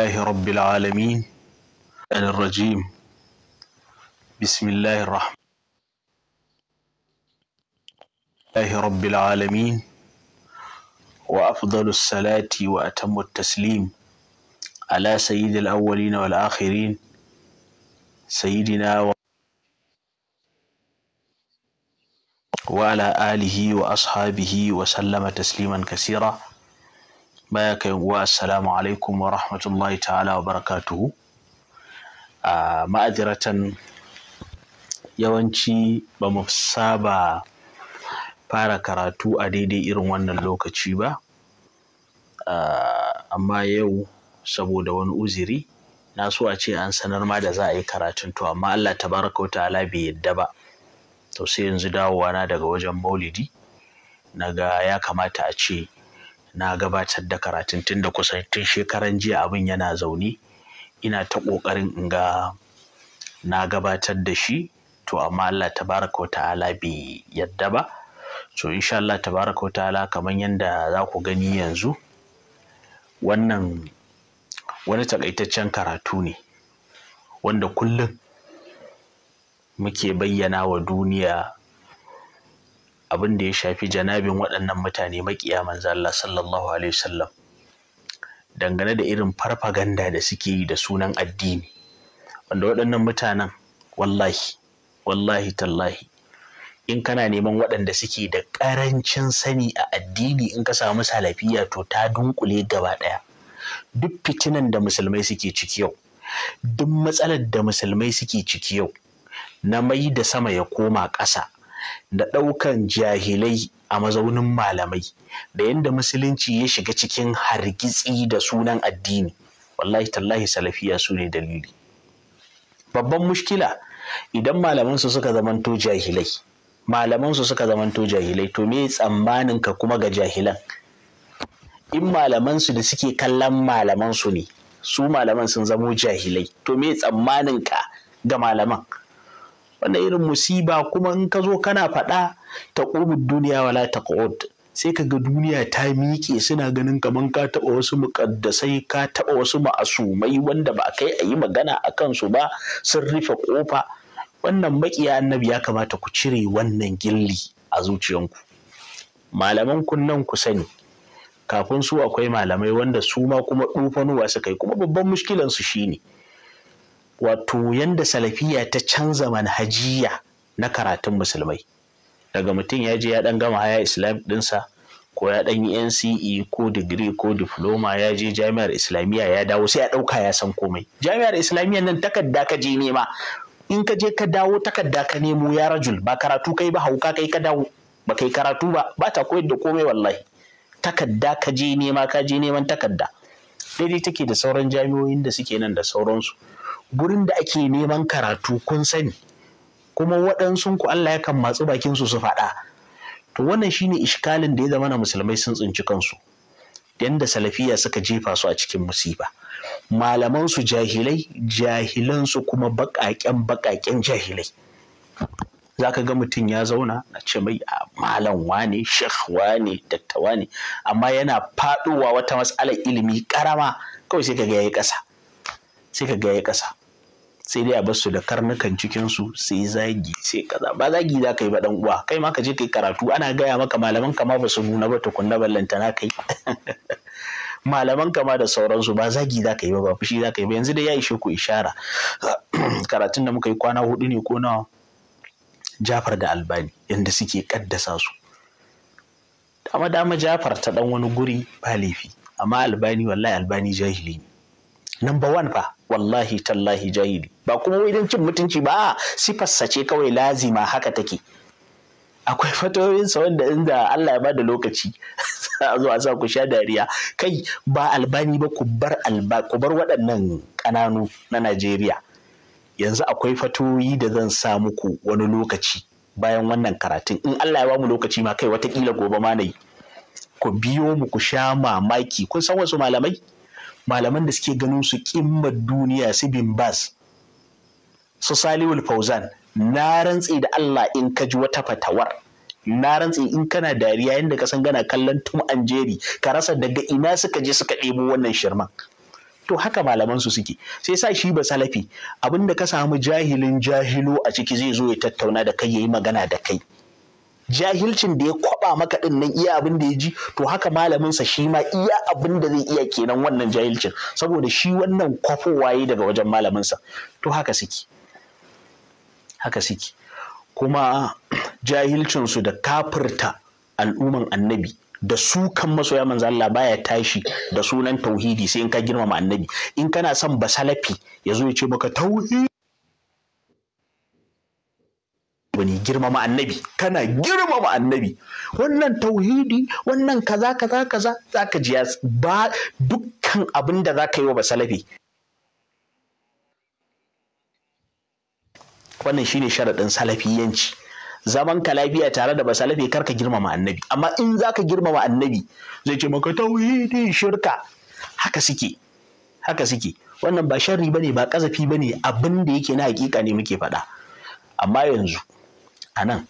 لله رب العالمين أنا الرجيم بسم الله الرحمن الله رب العالمين وأفضل الصلاة وأتم التسليم على سيد الأولين والآخرين سيدنا و... وعلى آله وأصحابه وسلم تسليما كثيرا baya kai uwa assalamu alaikum wa rahmatullahi ta'ala wa barakatuhu a ma'adiratan yawanci ba mu saba fara karatu a daidai irin wannan lokaci ba amma yau saboda wani uziri na so a ce an sanar ma da za a yi karatun to amma Allah ta baraka wa ta'ala bai yadda ba to sai yanzu dawowa na daga wajen maulidi naga ya kamata a ce na gabatar da karatun tun da kusan tun shekaran jiya abin yana zaune ina ta ƙoƙarin in ga na gabatar da shi to amma Allah tabaraka wa ta'ala bai yadda ba so insha Allah tabaraka wa ta'ala kamar yadda za ku gani yanzu wannan wani takaitaccen karatu ne wanda kullum muke bayyana wa duniya abin da ya shafi janabin waɗannan mutane maƙiya manzo Allah sallallahu alaihi wasallam dangane da irin farfaganda da suke yi da sunan addini wanda waɗannan mutanen wallahi wallahi tallahi in kana neman waɗanda suke da ƙarancin sani a addini in ka samu salafiya to ta dunkule gaba ɗaya duk fitinan da musulmai suke ciki yau duk matsalar da musulmai suke ciki yau na mai da sama ya koma ƙasa da ɗaukan jahilai a mazaunin malamai da yadda musulunci ya shiga cikin hargitsi da sunan addini wallahi tallahi salafiya su ne dalili babban mushkila idan malamansu suka zamanto jahilai malamansu suka zamanto jahilai to me tsammanin ka kuma ga jahilan in malamansu da suke kallon malamansu ne su malaman sun zamo jahilai to me tsammanin ka ga malaman wannan irin musiba kuma in ka zo kana faɗa ta duniya wala ta sai ka ga duniya ta miƙe suna ganin kamar ka taɓa wasu muƙaddasai ka taɓa wasu ma'asumai wanda ba kai a yi magana a kansu ba sun rufe ƙofa wannan maƙiya annabi ya kamata ku cire wannan gilli a zuciyanku malaman kunnan ku sani kafin su akwai malamai wanda su ma kuma ɗufanuwa suka yi kuma babban mushkilansu shine shi ne wato yanda salafiya ta canza manhajiya na karatun musulmai daga mutum ya je ya dan gama haya islam dinsa ko ya dan yi NCE ko digiri ko diploma ya je jami'ar islamiyya ya dawo sai ya dauka ya san komai jami'ar islamiyya nan takarda ka je nema in ka je ka dawo takarda ka nemo ya rajul ba karatu kai ba hauka kai ka dawo ba kai karatu ba ba ta koyar da komai wallahi takarda ka je nema ka je neman takarda daidai take da sauran jami'o'in da suke nan da sauransu gurin da ake neman karatu kun sani kuma waɗansu ku Allah yakan matsu bakin su su faɗa to wannan shine ishkalin da ya zama na musulmai sun tsinci kansu yanda salafiya suka jefa su a cikin musiba malaman su jahilai jahilan su kuma baƙaƙen baƙaƙen jahilai zaka ga mutum ya zauna na ce mai ah, malam wane shekh wane dattawa ne amma yana faɗowa wata matsalar ilimi ƙarama kawai sai ka ga yayi ƙasa sai ka ga ya ƙasa sai dai a bar su da karnukan cikin su sai zagi sai kaza ba zagi za ka yi ba dan uwa kai ma ka je kai karatu ana gaya maka malaman ka ma ba su nuna ba tukunna ballanta na kai malaman kama da sauransu ba zagi za ka yi ba ba fushi za ka yi ba yanzu dai ya ishe ku ishara karatun da muka yi kwana hudu ne ko nawa jafar da albani yanda suke kaddasa su dama dama jafar ta dan wani guri ba laifi amma albani wallahi albani jahili ne number one fa wallahi tallahi jahili ba kuma idan cin mutunci ba sifarsa ce kawai lazima haka take akwai fatoyinsa wanda inda Allah ya bada lokaci a zo sa ku sha dariya kai ba albani ba ku bar alba ku bar waɗannan ƙananu na Najeriya yanzu akwai fatoyi da zan sa muku wani lokaci bayan wannan karatun in Allah ya ba mu lokaci ma kai watakila gobe ma na ku biyo mu ku sha mamaki kun san wasu malamai malaman da suke ganin su kimmar duniya su bin bas su saliwul fauzan na rantse da Allah in ka ji wata fatawar na rantse in kana dariya yadda ka san gana kallon tum anjeri ka rasa daga ina suka je suka ɗebo wannan shirman to haka malaman su suke sai sa shi ba salafi abinda ka samu jahilin jahilo a ciki zai zo ya tattauna da kai ya yi magana da kai jahilcin da ya kwaba maka din nan iya abin da ya ji to haka malamin sa shi ma iya abin da zai iya kenan wannan jahilcin saboda shi wannan kwafowa yi daga wajen malamin sa to haka suke haka suke kuma jahilcin su da kafirta al'umman annabi da su kan masoya manzo Allah baya tashi da sunan tauhidi sai in ka girmama annabi in kana son basalafi yazo ya ce maka tauhidi abu ne girmama annabi kana girmama annabi wannan tauhidi wannan kaza kaza kaza zaka ji ba dukkan abin da zaka yi wa basalafi wannan shine sharaɗin salafiyanci zaman ka lafiya tare da basalafi ka girmama annabi amma in zaka girmama annabi zai ce maka tauhidi shirka haka suke haka suke wannan ba sharri bane ba kazafi bane abin da yake na hakika ne muke faɗa amma yanzu a nan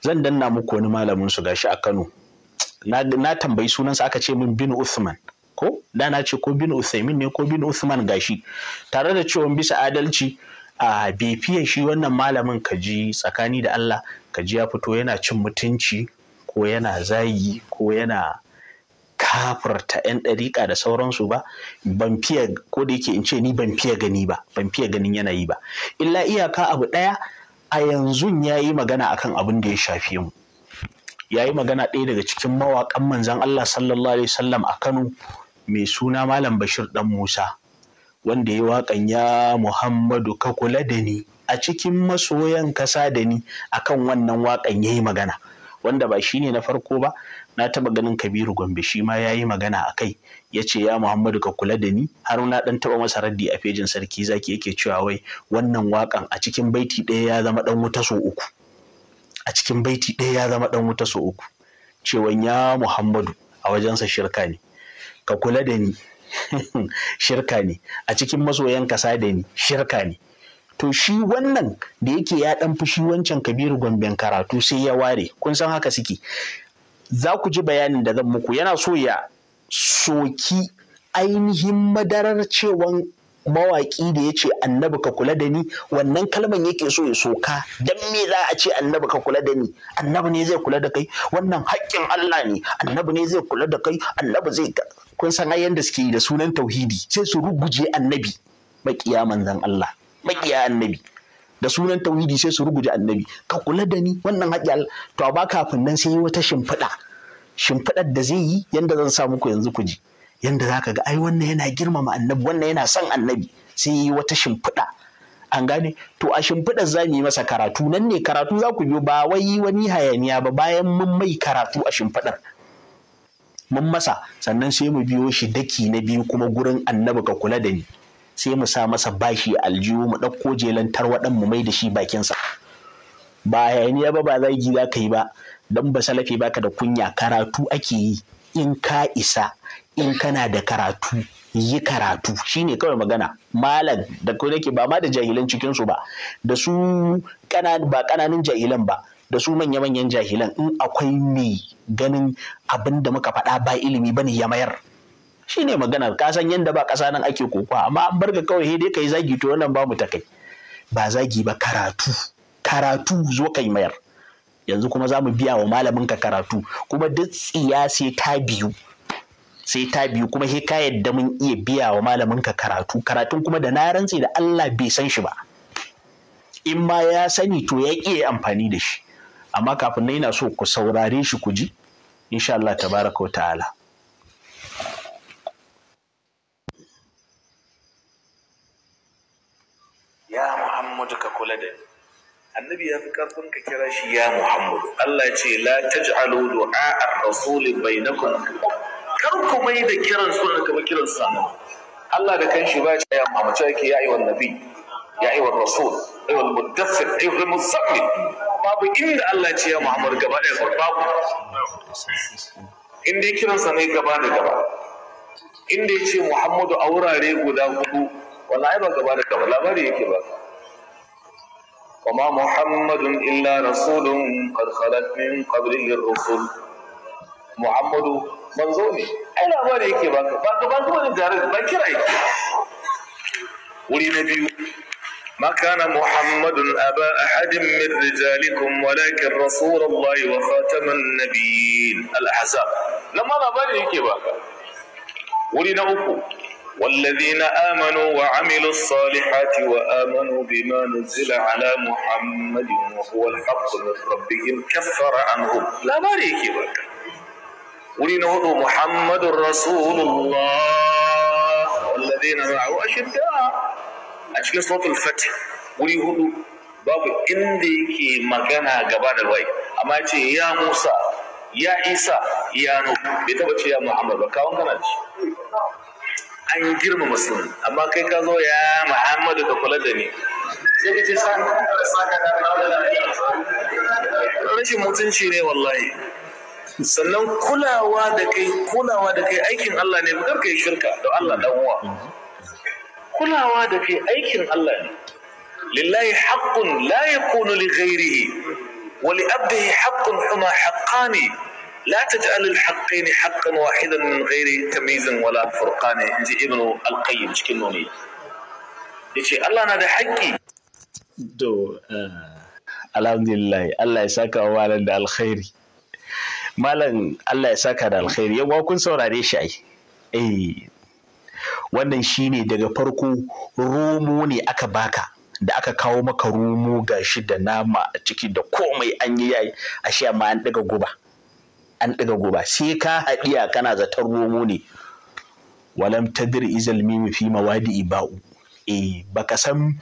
zan danna muku wani malamin su gashi a Kano na tambayi sunansa aka ce min bin Usman, ko da na ce ko bin Uthaymin ne ko bin Uthman gashi tare da cewa bisa adalci a bai shi wannan malamin kaji tsakani da Allah kaji ya fito yana cin mutunci ko yana zayi, ko yana kafarta 'yan ɗariƙa da sauransu ba ban fiye ko da yake in ce ni ban fiye gani ba ban fiye ganin yanayi ba illa iyaka abu ɗaya a yanzu ya yi magana akan abin da ya shafe mu ya yi magana ɗaya daga cikin mawaƙan manzan Allah sallallahu alaihi wasallam a Kano mai suna Malam Bashir ɗan Musa wanda ya waƙan ya Muhammadu ka kula da ni a cikin masoyan kasa da ni akan wannan waƙan ya yi magana wanda ba shi ne na farko ba na taba ganin kabiru gombe shi ma ya yi magana a kai ya ce ya muhammadu ka kula da ni har na dan taba masa raddi a fejin sarki zaki yake cewa wai wannan wakan a cikin baiti ɗaya ya zama dan wuta so uku a cikin baiti ɗaya ya zama dan wuta so uku cewan ya muhammadu a wajensa shirka ne ka kula da ni shirka ne a cikin masoyan kasa da ni shirka ne to shi wannan da yake ya ɗan fi shi wancan kabiru gomben karatu sai ya ware kun san haka suke za ku ji bayanin da zan muku yana so ya soki ainihin madarar cewan mawaƙi da ya ce annabi ka kula da ni wannan kalman yake so ya soka don me za a ce annabi ka kula da ni annabi ne zai kula da kai wannan haƙƙin Allah ne annabi ne zai kula da kai annabi zai kun san yadda suke yi da sunan tauhidi sai su ruguje annabi maƙiya manzon Allah makiya annabi da sunan tauhidi sai su ruguje annabi ka kula da ni wannan haƙƙi to ba kafin nan sai wata shimfiɗa shimfiɗar da zai yi yanda zan sa muku yanzu ku ji yanda za ka ga ai wannan yana girmama annabi wannan yana son annabi sai yi wata shimfiɗa an gane to a shimfiɗar za mu yi masa karatu nan ne karatu za ku biyo ba wai wani hayaniya ba bayan mun mai karatu a shimfiɗar mun masa sannan sai mu biyo shi daki na biyu kuma gurin annabi ka kula da ni sai mu sa masa bashi aljihu mu ɗauko jelan tarwaɗan mu mai da shi bakinsa ba hayaniya ba ba zagi za ka yi ba don ba salafi baka da kunya karatu ake yi in ka isa in kana da karatu yi karatu shine kawai magana malam da ko nake ba ma da jahilan cikinsu ba da su ba kananan jahilan ba da su manya-manyan jahilan in akwai mai ganin abin da muka faɗa ba ilimi bane ya mayar Shi ne maganar ka san yadda ba ƙasa nan ake kokowa amma an barga kawai sai dai kai zagi to wannan ba mu ta kai ba zagi ba karatu karatu zo kai mayar yanzu kuma za mu biya wa malamin ka karatu kuma duk tsiya sai ta biyu sai ta biyu kuma sai ka yadda mun iya biya wa malamin ka karatu karatun kuma da na rantse da Allah bai san shi ba in ma ya sani to ya ƙi amfani da shi amma kafin na yana so ku saurare shi ku ji insha Allah tabaraka wa ta'ala Muhammadu ka kula da ni annabi ya fi karfin ka kira shi ya Muhammadu Allah ya ce la taj'alu du'a ar-rasul bainakum kar ku mai da kiran sunan ka ba kiran sanan Allah da kanshi ba ya ce ya Muhammadu sai ke ya ayyuhan nabi ya ayyuhan rasul ayyuhan muddaffir ayyuhan muzammil babu inda Allah ya ce ya Muhammadu gaba da babu inda ya kiran sa ne gaba da gaba inda ya ce Muhammadu a wurare guda hudu wallahi ba gaba da gaba labari yake ba وما محمد إلا رسول قد خلت من قبله الرسل محمد manzo ne ai labari yake baka baka ba kuma da jarin ba kira yake wuri na biyu ما كان محمد أبا أحد من رجالكم ولكن رسول الله وخاتم النبيين الأحزاب لما لا بالي كيف ولنا أكو والذين آمنوا وعملوا الصالحات وآمنوا بما نزل على محمد وهو الحق من ربهم كفر عنهم لا باريك بك ولنهض محمد رسول الله والذين معه أشداء أشكي صوت الفتح ولنهض باب إنديك مكانها قبال الوي أما يا موسى يا عيسى يا نوح بيتبتش يا محمد وكاون كانت an girmama sun amma kai ka zo ya muhammadu ka kula da ni sai ka ce rashin mutunci ne wallahi sannan kulawa da kai kulawa da kai aikin Allah ne kar kai shirka da Allah dan uwa kulawa da kai aikin Allah ne lillahi haqqun la yakunu li ghairihi wa li abdihi haqqun huma haqqani لا تجعل الحقين حقا واحدا من غير تمييز ولا فرقان انجي ابن القيم شكلوني يجي الله انا na da haƙƙi to alhamdulillah Allah ya saka الخير مالن الله alkhairi ده الخير ya saka سوراري شي اي kun wannan shine daga farko romo ne aka baka da aka kawo maka romo gashi da nama a ciki da komai an yi yayi ashe amma an daga guba an ɗiga guba sai ka haɗiya kana zaton romo ne walam tadir izal mimi fi mawadi iba'u eh baka san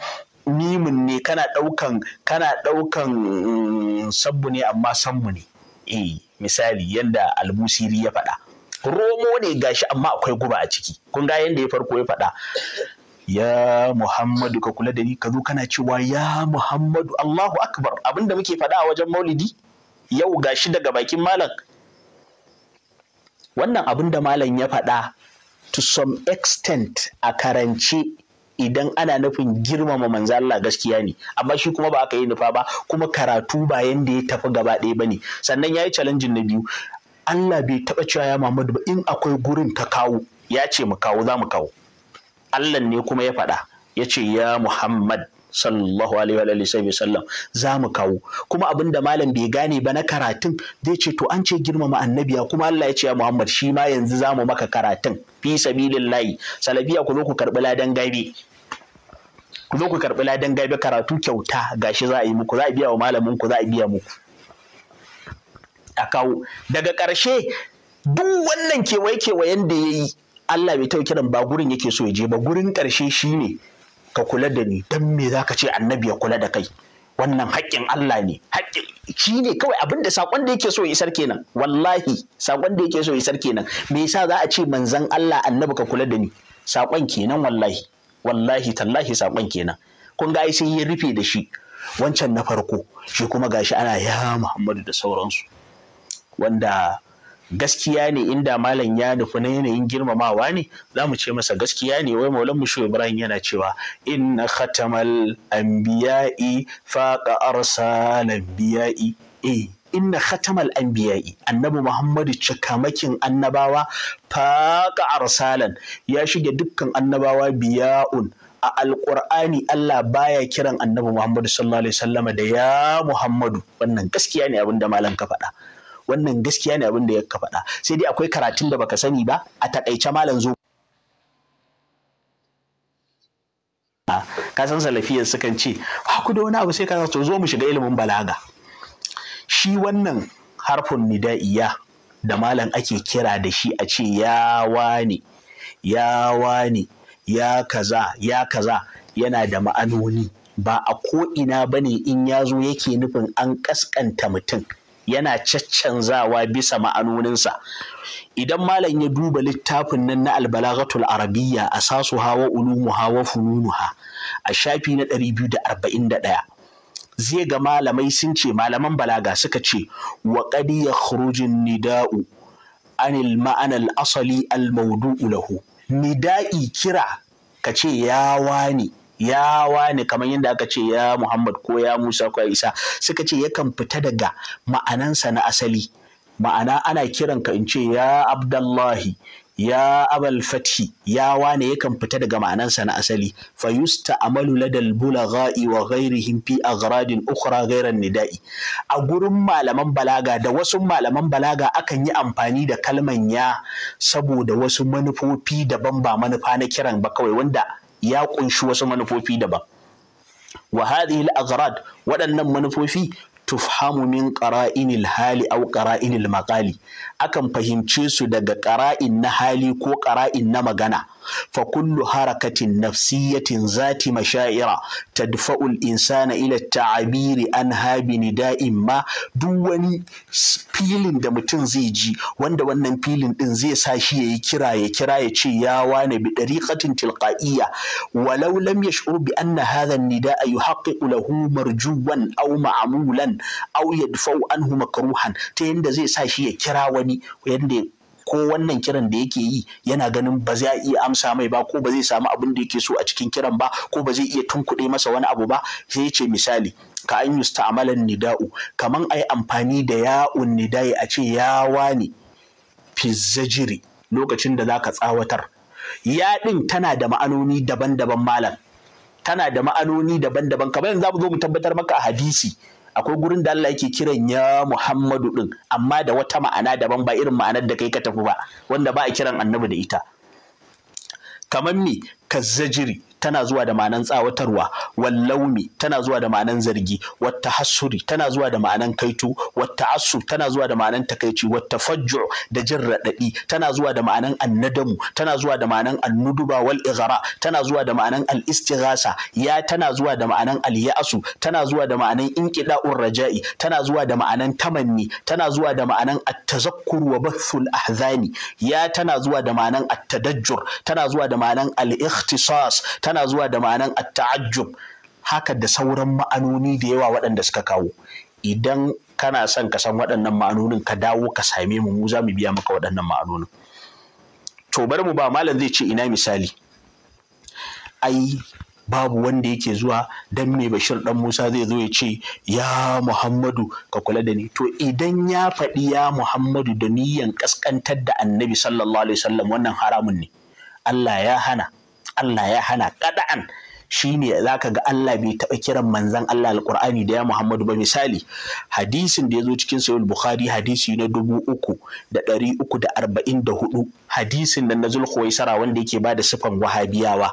mimin ne kana ɗaukan kana ɗaukan mm, sabbu ne amma sammu ne eh misali yadda albusiri ya faɗa romo ne gashi amma akwai guba a ciki kun ga yanda ya farko ya faɗa ya Muhammadu ka kula da ni ka zo kana cewa ya Muhammadu Allahu Akbar abinda muke faɗa a wajen Maulidi yau gashi daga bakin malam wannan abin da malam ya faɗa to some extent a karance idan ana nufin girmama manzo Allah gaskiya ne amma shi kuma ba aka yi nufa ba kuma karatu ba yanda ya tafi gaba ɗaya bane sannan ya yi challenge na biyu Allah bai taɓa cewa ya Muhammadu ba in akwai gurin ka kawo ya ce mu kawo za mu kawo Allah ne kuma ya faɗa ya ce ya Muhammad sallallahu alaihi wa sallam za mu kawo kuma abin da malam bai gane ba na karatun zai ce to an ce girmama annabiya kuma Allah ya ce ya Muhammad shi ma yanzu za mu maka karatun fi sabilillah salafiya ku zo ku karbi ladan gabe. ku zo ku karbi ladan gabe karatu kyauta gashi za a yi muku za a biya wa malamin ku za a biya muku a kawo daga ƙarshe duk wannan kewaye kewayen da ya yi Allah bai taɓa kiran ba gurin yake so ya je ba gurin ƙarshe shi ne ka kula da ni dan me zaka ce annabi ya kula da kai wannan haƙƙin Allah ne haƙƙin shi ne kawai abin da saƙon da yake so ya isar kenan wallahi saƙon da yake so ya isar kenan me yasa za a ce manzon Allah annabi ka kula da ni saƙon kenan wallahi wallahi tallahi saƙon kenan kun ga ai sai ya rufe da shi wancan na farko shi kuma gashi ana ya Muhammadu da sauransu wanda gaskiya ne inda malam ya nufi na yanayin girmamawa ne za mu ce masa gaskiya ne wai maulan mushu ibrahim yana cewa inna khatamal anbiya'i faqa arsal anbiya'i in eh, inna khatamal anbiya'i annabi muhammadu cikamakin annabawa faqa arsalan ya shiga dukkan annabawa biya'un a alƙur'ani Allah baya kiran annabi Muhammadu sallallahu alaihi wasallama da ya Muhammadu wannan gaskiya ne abin da malam ka faɗa wannan gaskiya ne abin da ya faɗa sai dai akwai karatun da baka sani ba a taƙaice malam zo ka san salafiyar sukan ce ba ku da wani abu sai ka zo mu shiga ilimin balaga shi wannan harfin nida'iya da malam ake kira da shi a ce ya ne, ya ne, ya kaza ya kaza yana da ma'anoni ba a ko'ina ba ne in ya zo yake nufin an kaskanta mutum yana caccanzawa bisa ma'anoninsa idan malam ya duba littafin nan na albalagatul arabiyya sasu hawa ulumuha wa fununuha a shafi na 241 zai ga malamai sun ce malaman balaga suka ce wa qad yakhrujun nida'u anil ma'anal asali al mawdu'u lahu nida'i kira ce yawa ne ya wani kamar yadda aka ce ya Muhammad ko ya Musa ko Isa suka ce yakan fita daga ma'anansa na asali ma'ana ana kiranka in ce ya Abdullahi ya abal fathi ya wane yakan fita daga ma'anansa na asali fa yusta'malu ladal bulagha'i wa ghairihim fi aghradin ukhra ghairan nida'i a gurin malaman balaga da wasu malaman balaga akan yi amfani da kalman ya saboda wasu manufofi daban ba manufa na kiran ba kawai wanda ya ƙunshi wasu manufofi daban wa hadhihi al-aghrad waɗannan manufofi tufhamu min ƙara'inil hali aw ƙara'inil maqali akan fahimce su daga ƙara'in na hali ko ƙara'in na magana fa kullu harakatin nafsiyatin zati mashaira tadfa'ul insana ila ta'abiri an habi nida'in ma duk wani filin da mutum zai ji wanda wannan filin din zai sa shi yayi kira ya kira ya ce ya wane bi dariqatin tilqa'iyya walau lam yash'ur bi anna hadha an-nida'a yuhaqqiqu lahu marjuwan aw ma'mulan aw yadfa'u anhu makruhan ta yanda zai sa shi ya kira wani yanda ko wannan kiran da yake yi yana ganin ba zai iya amsa mai ba ko ba zai samu abin da yake so a cikin kiran ba ko ba zai iya tunkuɗe masa wani abu ba sai ya ce misali ka an yusta'amalan nida'u kaman ai amfani da ya'un nida'i a ce yawa ne fizzajiri lokacin da zaka tsawatar ya ɗin tana da ma'anoni daban-daban malam tana da ma'anoni daban-daban kamar yanzu za mu zo mu tabbatar maka a hadisi akwai gurin da Allah yake kiran ya Muhammadu din amma da wata ma'ana daban ba irin ma'anar da kai ka tafi ba wanda ba a kiran annabi da ita kamar me kazzajiri tana zuwa da ma'anan tsawatarwa wallaumi tana zuwa da ma'anan zargi wata hasuri tana zuwa da ma'anan kaitu wata asu tana zuwa da ma'anan takaici wata fajju da jin raɗaɗi tana zuwa da ma'anan annadamu tana zuwa da ma'anan annuduba wal tana zuwa da ma'anan al istighasa ya tana zuwa da ma'anan al ya'su tana zuwa da ma'anan inqida'ur raja'i tana zuwa da ma'anan tamanni tana zuwa da ma'anan at-tazakkur wa bathul ahzani ya tana zuwa da ma'anan at-tadajjur tana zuwa da ma'anan al ikhtisas tana zuwa da ma'anan atta'ajjum taajjub haka da sauran ma'anoni da yawa waɗanda suka kawo idan kana son ka san waɗannan ma'anonin ka dawo ka same mu mu za mu biya maka waɗannan ma'anonin to bari mu ba malam zai ce ina misali ai babu wanda yake zuwa dan me bashir dan musa zai zo ya ce ya muhammadu ka kula da ni to idan ya faɗi ya muhammadu da niyyan kaskantar da annabi sallallahu alaihi wasallam wannan haramun ne Allah ya hana Allah ya hana kada'an za ka ga Allah bai taɓa kiran manzan Allah alƙur'ani da ya Muhammadu ba misali hadisin da ya zo cikin sayul bukhari hadisi na dubu uku da ɗari uku da arba'in da hudu hadisin da na sara wanda yake ba da sifan wahabiyawa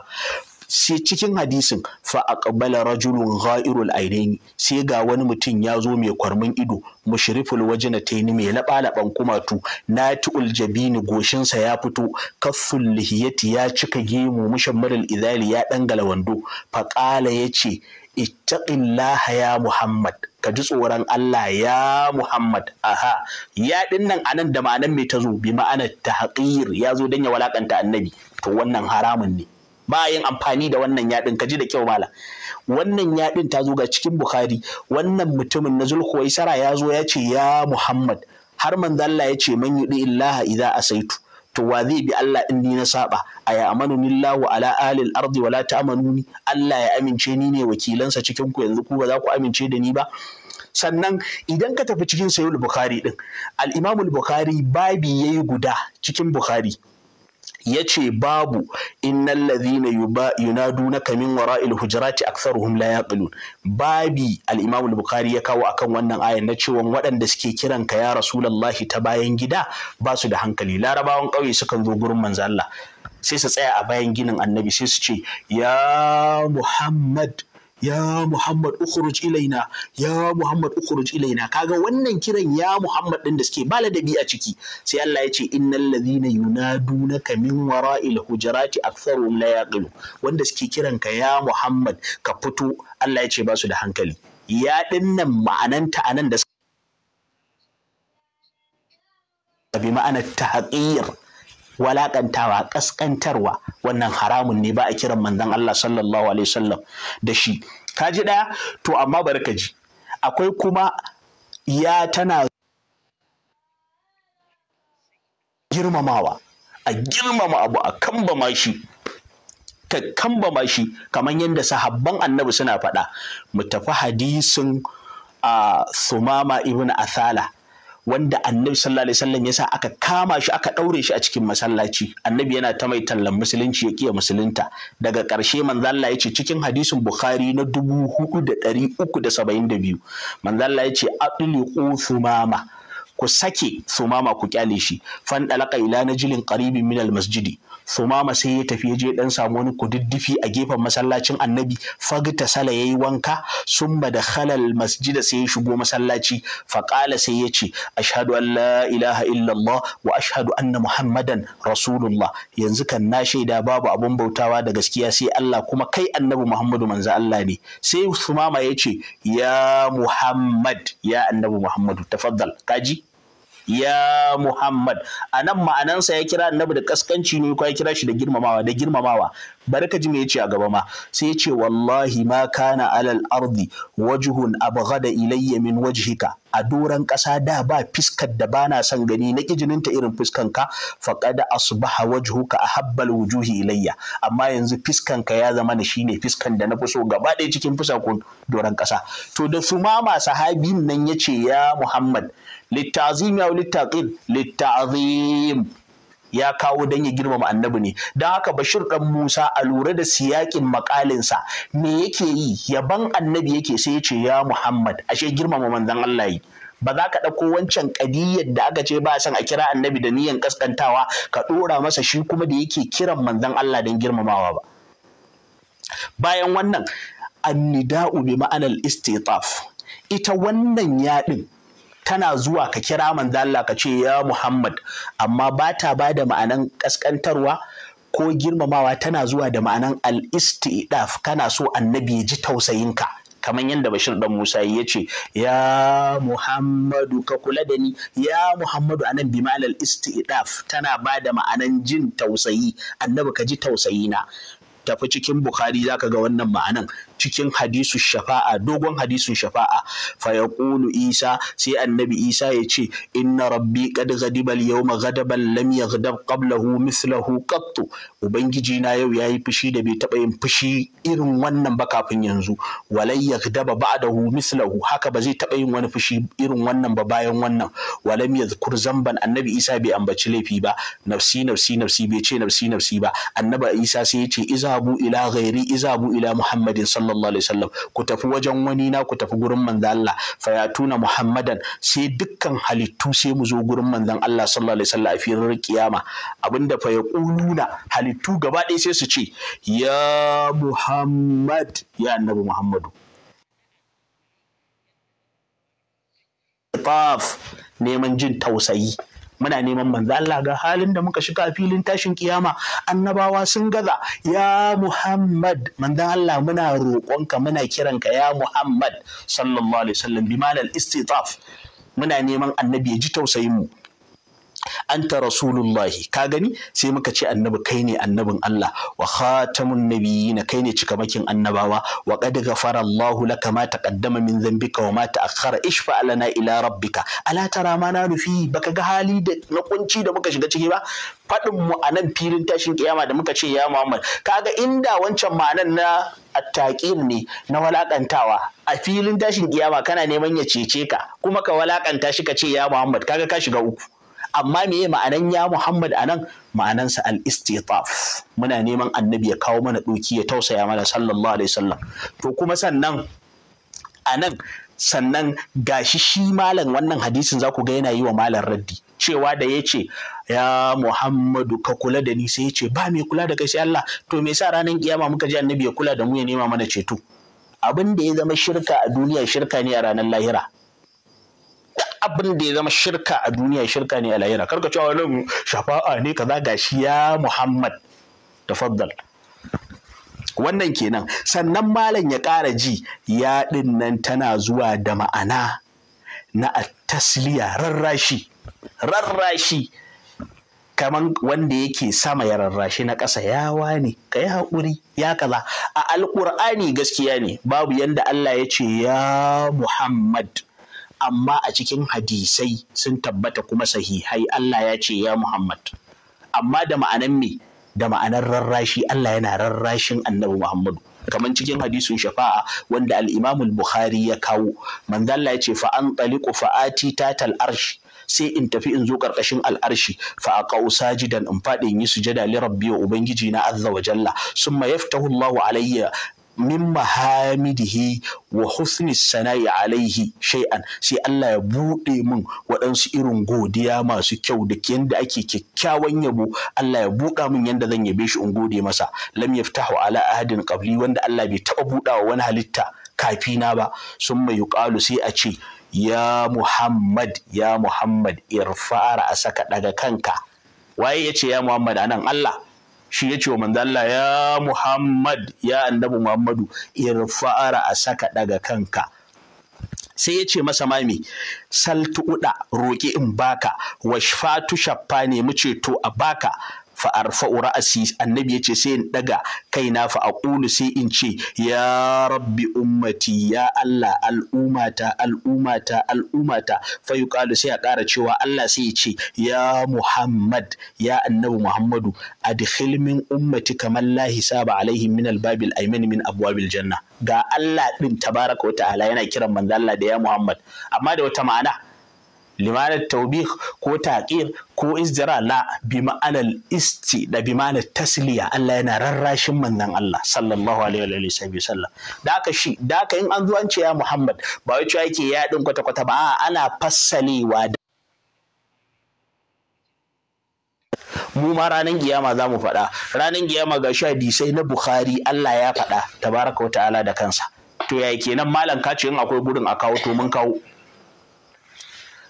sai cikin hadisin fa a ƙabbala rajulun ghairul ainaini sai ga wani mutum ya zo mai kwarmin ido mushriful na taini mai laɓalaɓan kumatu nati'ul jabini goshinsa ya fito kafin lihiyati ya cika gemu mushammarul izali ya ɗangala wando faqala yace ittaqillaha ya muhammad ka ji tsoron Allah ya Muhammad aha ya dinnan anan da ma'anan mai ta zo bi ma'anar tahqir ya zo dan ya walakanta annabi to wannan haramun ne ba yin amfani da wannan yaɗin ka ji da kyau mala wannan yaɗin ta zo ga cikin bukhari wannan mutumin na zulhuwaisara ya zo ya ce ya muhammad har manzalla ya ce man yudi illaha a saitu. to wa zai bi Allah in ni na saba aya amanu Lahu, ala alil ardi wala ni Allah ya amince ni ne wakilansa cikin ku yanzu ku ba za ku amince da ni ba sannan idan ka tafi cikin sayul bukhari din al-imamul bukhari babi yayi guda cikin bukhari Ya ce babu innal na yunadunaka min wara'il hujurati aktharuhum la yaqilun babi al-Imam al-Bukhari ya kawo akan wannan ayan na cewa waɗanda suke kiran ka ya Rasulullahi ta bayan gida ba su da hankali larabawan ƙauye sukan zo gurin manzo sai su tsaya a bayan ginin annabi sai su ce ya Muhammad ya Muhammad ukhruj ilaina ya Muhammad ukhruj ilaina kaga wannan kiran ya Muhammad din da suke ba ladabi a ciki sai Allah ya ce innal ladhina yunadunaka min wara'il hujurati aktharuhum la yaqilu wanda suke kiran ka ya Muhammad ka fito Allah ya ce ba su da hankali ya dinnan ma'ananta anan da bi ma'anar tahqir walakantawa kaskantarwa wannan haramun ne ba a kiran manzon Allah sallallahu alaihi wasallam da shi Ka ji ɗaya, to amma bari ka ji akwai kuma ya tana girmamawa a girmama abu a kambama shi ka kambama shi kamar yadda sahabban annabi suna faɗa mu tafi hadisin a sumama ibn athala wanda annabi sallallahu alaihi wasallam yasa aka kama shi aka daure shi a cikin masallaci annabi yana ta mai tallan musulunci ya kiya musulunta daga ƙarshe manzo Allah ya ce cikin hadisin bukhari na 4372 manzo Allah ya ce adliqu sumama, ku sake sumama ku kyale shi fan dalaka ila najilin qaribin minal masjidi sumama sai ya tafi je dan samu wani kududdufi a gefen masallacin annabi fagta sala yayi wanka summa da khalal masjida sai ya shigo masallaci faqala sai ya ce ashhadu an la ilaha illallah wa ashhadu anna muhammadan rasulullah yanzu kan na shaida babu abun bautawa da gaskiya sai Allah kuma kai annabi muhammadu manzo Allah ne sai sumama ya ce ya muhammad ya annabi muhammadu tafaddal kaji ya Muhammad a nan ma'anansa ya kira annabi da kaskanci ne ko ya kira shi da girmamawa da girmamawa bari ka ji me yace a gaba ma sai yace wallahi ma kana alal ardi wajhun abghada ilayya min wajhika a doran ƙasa da ba fiskar da bana son gani na kijininta irin fiskan ka faqad asbaha wajhuka ahabbal wujuhi ilayya amma yanzu fiskan ka ya zama na shine fiskan da na fi so gaba ɗaya cikin fusakon doran ƙasa to da su sumama masahabin nan yace ya Muhammad littazim ya littazim ya kawo dan ya girmama annabi ne don haka bashir ɗan musa a lura da siyakin makalinsa me yake yi yaban annabi yake sai ya ce ya muhammad ashe girmama manzan allah yi ba za ka ɗauko wancan ƙadiyyar da aka ce ba a a kira annabi da niyan ƙasƙantawa ka ɗora masa shi kuma da yake kiran manzan Allah don girmamawa ba. Bayan wannan, annida'u bi ma'anar istitaf ita wannan yaɗin tana zuwa ka kira manzo Allah ka ce ya Muhammad amma ba ta ba da ma'anan kaskantarwa ko girmamawa tana zuwa da ma'anan al-istidaf kana so annabi ya ji tausayinka kamar yadda Bashir dan Musa ya ce ya Muhammadu ka kula da ni ya Muhammadu anan bi ma'anar istidaf tana ba da ma'anan jin tausayi annabi ka ji tausayi na tafi cikin Bukhari zaka ga wannan ma'anan cikin hadisu shafa'a dogon hadisun shafa'a fa ya yaqulu isa sai annabi isa ya ce inna rabbi qad ghadiba al-yawma ghadaban lam yaghdab qablahu mithlahu qattu ubangiji na yau yayi fushi da bai taba yin fushi irin wannan ba kafin yanzu walai yaghdaba ba'dahu mithlahu haka ba zai taba yin wani fushi irin wannan ba bayan wannan walam yadhkur zamban annabi isa bai ambaci laifi ba nafsi nafsi nafsi bai ce nafsi nafsi ba annabi isa sai ya ce izabu ila ghairi izabu ila muhammadin sallallahu sallallahu alaihi wasallam ku tafi wajen wani na ku tafi gurin manzo Allah fayatuna muhammadan sai dukkan halittu sai mu zo gurin manzon Allah sallallahu alaihi wasallam a firar kiyama abinda fa yaquluna halittu gaba ɗaya sai su ce ya muhammad ya annabi muhammadu neman jin tausayi muna neman manzo Allah ga halin da muka shiga filin tashin kiyama annabawa sun gaza ya Muhammad manzon Allah muna roƙonka muna kiranka ya Muhammad sallallahu alaihi wasallam bi malal istitaf muna neman annabi ya ji tausayin mu anta rasulullahi ka gani sai muka ce annabi kai ne annabin Allah wa khatamun nabiyina kai ne cikamakin annabawa wa qad ghafara Allahu laka ma taqaddama min dhanbika wa ma ta'akhkhara ishfa lana ila rabbika ala tara ma na rufi baka ga hali da na kunci da muka shiga ciki ba faɗin mu a nan filin tashin kiyama da muka ce ya Muhammad kaga inda wancan ma'anan na attaqin ne na walakantawa a filin tashin kiyama kana neman ya cece ka kuma ka walakanta shi ka ce ya Muhammad kaga ka shiga uku amma meye ma'anan ya Muhammad anan ma'anansa al-istitaf muna neman annabi ya kawo mana doki ya tausaya mana sallallahu alaihi wasallam to kuma sannan anan sannan gashi shi malam wannan hadisin za ku ga yana yi wa malam raddi cewa da ya ce ya muhammadu ka kula da ni sai ya ce ba mai kula da kai sai Allah to me yasa ranar kiyama muka ji annabi ya kula da mu ya nema mana ceto abin da ya zama shirka a duniya shirka ne a ranar lahira abin da ya zama shirka a duniya shirka ne a lahira karka cewa wani shafa'a ne kaza gashi ya muhammad tafaddal wannan kenan sannan malam ya ƙara ji ya nan tana zuwa da ma'ana na tasliya rarrashi rarrashi kamar wanda yake sama ya rarrashi na ƙasa ya wani ka yi haƙuri ya kaza a alƙur'ani gaskiya ne babu yanda Allah ya ce ya muhammad amma a cikin hadisai sun tabbata kuma sahihai Allah ya ce ya Muhammad amma da ma'anan me da ma'anar rarrashi Allah yana rarrashin Annabi Muhammadu kamar cikin hadisin shafa'a wanda al-Imam bukhari ya kawo manzo ya ce fa an taliqu fa'ati tatal arsh sai in tafi in zo ƙarƙashin al'arshi fa ƙau sajidan in faɗi in yi sujada li rabbi wa ubangiji na azza wa jalla summa yaftahu Allahu alayya min mahamidihi wa husni sana'i alaihi shay'an sai Allah ya buɗe min waɗansu irin godiya masu kyau da yanda ake kyakkyawan yabo Allah ya buɗa min yanda zan yabe shi in gode masa lam yaftahu ala ahadin qabli wanda Allah bai taɓa buɗawa wani halitta kafina ba sun mai yuƙalu sai a ce ya Muhammad ya Muhammad irfa'a a saka daga kanka waye yace ya Muhammad anan Allah shi ya ce wa manzo ya Muhammad ya annabi Muhammadu irfa'ara a saka daga kanka sai ya ce masa mami saltu uda roƙi in baka wa washfatu shaffa ne mu ce to a baka fa arfa ra'asi annabi yace sai in daga kaina fa aqulu sai in ce ya rabbi ummati ya Allah al'umata al'umata al'umata fa yuqalu sai a ƙara cewa Allah sai ya ce ya Muhammad ya annabi Muhammadu adkhil min ummati kamar la hisaba alaihim min albabil ayman min abwabil janna ga Allah din tabaraka wa ta'ala yana kiran manzo Allah da ya Muhammad amma da wata ma'ana limanar taubih ko taƙir ko izdira la bi ma'anar isti da bi ma'anar tasliya Allah yana rarrashin mannan Allah sallallahu alaihi wa sallam da aka shi da aka in an zo an ce ya Muhammad ba wai cewa yake ya din kwata kwata ba ana fassalewa da mu ma ranar giyama za mu faɗa ranar giyama ga sha disai na Bukhari Allah ya faɗa tabaraka wa ta'ala da kansa to yaya kenan malam ka ce in akwai gurin a kawo to mun kawo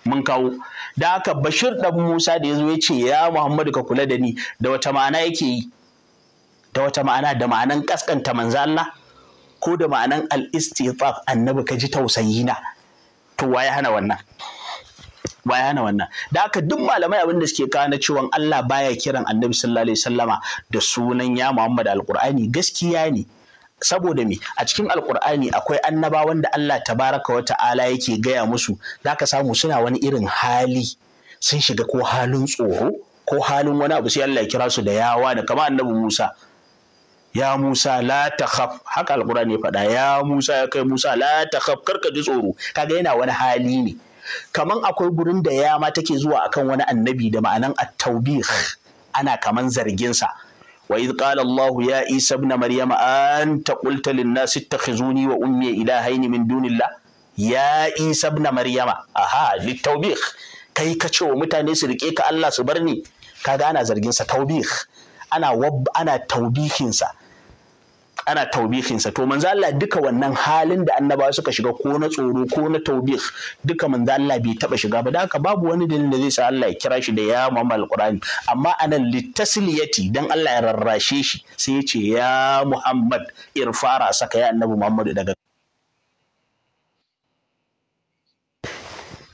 mun kawo da haka bashir ɗan musa da ya zo ya ce ya muhammadu ka kula da ni da wata ma'ana yake yi da wata ma'ana da ma'anan ƙasƙanta manzo Allah ko da ma'anan al-istifaq annabi ka ji tausayi na to waye hana wannan waye hana wannan da haka duk malamai abin da suke kawo na cewa Allah baya kiran annabi sallallahu alaihi wasallama da sunan ya muhammadu alqur'ani gaskiya ne saboda me a cikin alkur'ani akwai annaba wanda Allah tabaraka wa ta'ala yake gaya musu zaka samu suna wani irin hali sun shiga ko halin tsoro ko halin wani abu sai Allah ya kira su da yawa da kama annabi Musa ya Musa la takhaf haka alkur'ani ya faɗa ya Musa ya kai Musa la takhaf karka ji tsoro kaga yana wani hali ne kaman akwai gurin da yama take zuwa akan wani annabi da ma'anan at-taubih ana kaman zargin sa wa idh qala ya Isa ibn Maryam anta qulta lin nas ittakhizuni wa ummi ilahaini min dunillah ya Isa ibn Maryam aha litawbih kai ka ce wa mutane su rike ka Allah su bar ni kaga ana zargin sa tawbih ana wab ana tawbihin sa ana taubihinsa to manzo Allah duka wannan halin da annabawa suka shiga ko na tsoro ko na taubih duka manzo Allah bai taba shiga ba da haka babu wani dalilin da zai sa Allah ya kira shi da ya Muhammad qurani amma anan litasliyati dan Allah ya rarrashe shi sai ya ce ya Muhammad irfara saka ya annabi Muhammad daga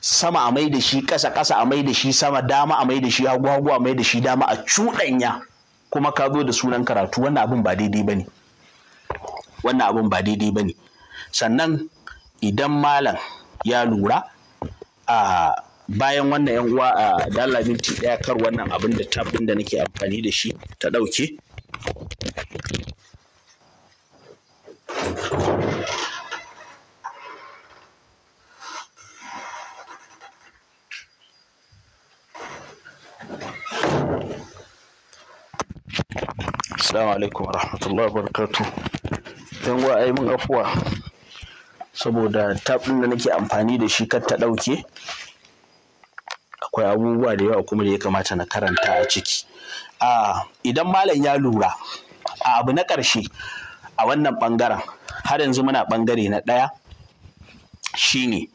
sama a mai da shi ƙasa ƙasa a mai da shi sama dama a mai da shi hagu hagu a mai da shi dama a cuɗanya kuma ka zo da sunan karatu wannan abin ba daidai ba ne. wannan abun ba daidai ba ne sannan idan malam ya lura a bayan wannan yan uwa a dala minti ɗaya kar wannan abin da tabin da nake amfani da shi ta ɗauke Assalamu alaikum warahmatullahi wabarakatuh. yan uwa yi mun afuwa saboda tabin ɗin da nake amfani da shi kar ta ɗauke akwai abubuwa da yawa kuma da ya kamata na karanta a ciki a idan malam ya lura a abu na ƙarshe a wannan ɓangaren har yanzu muna ɓangare na ɗaya shine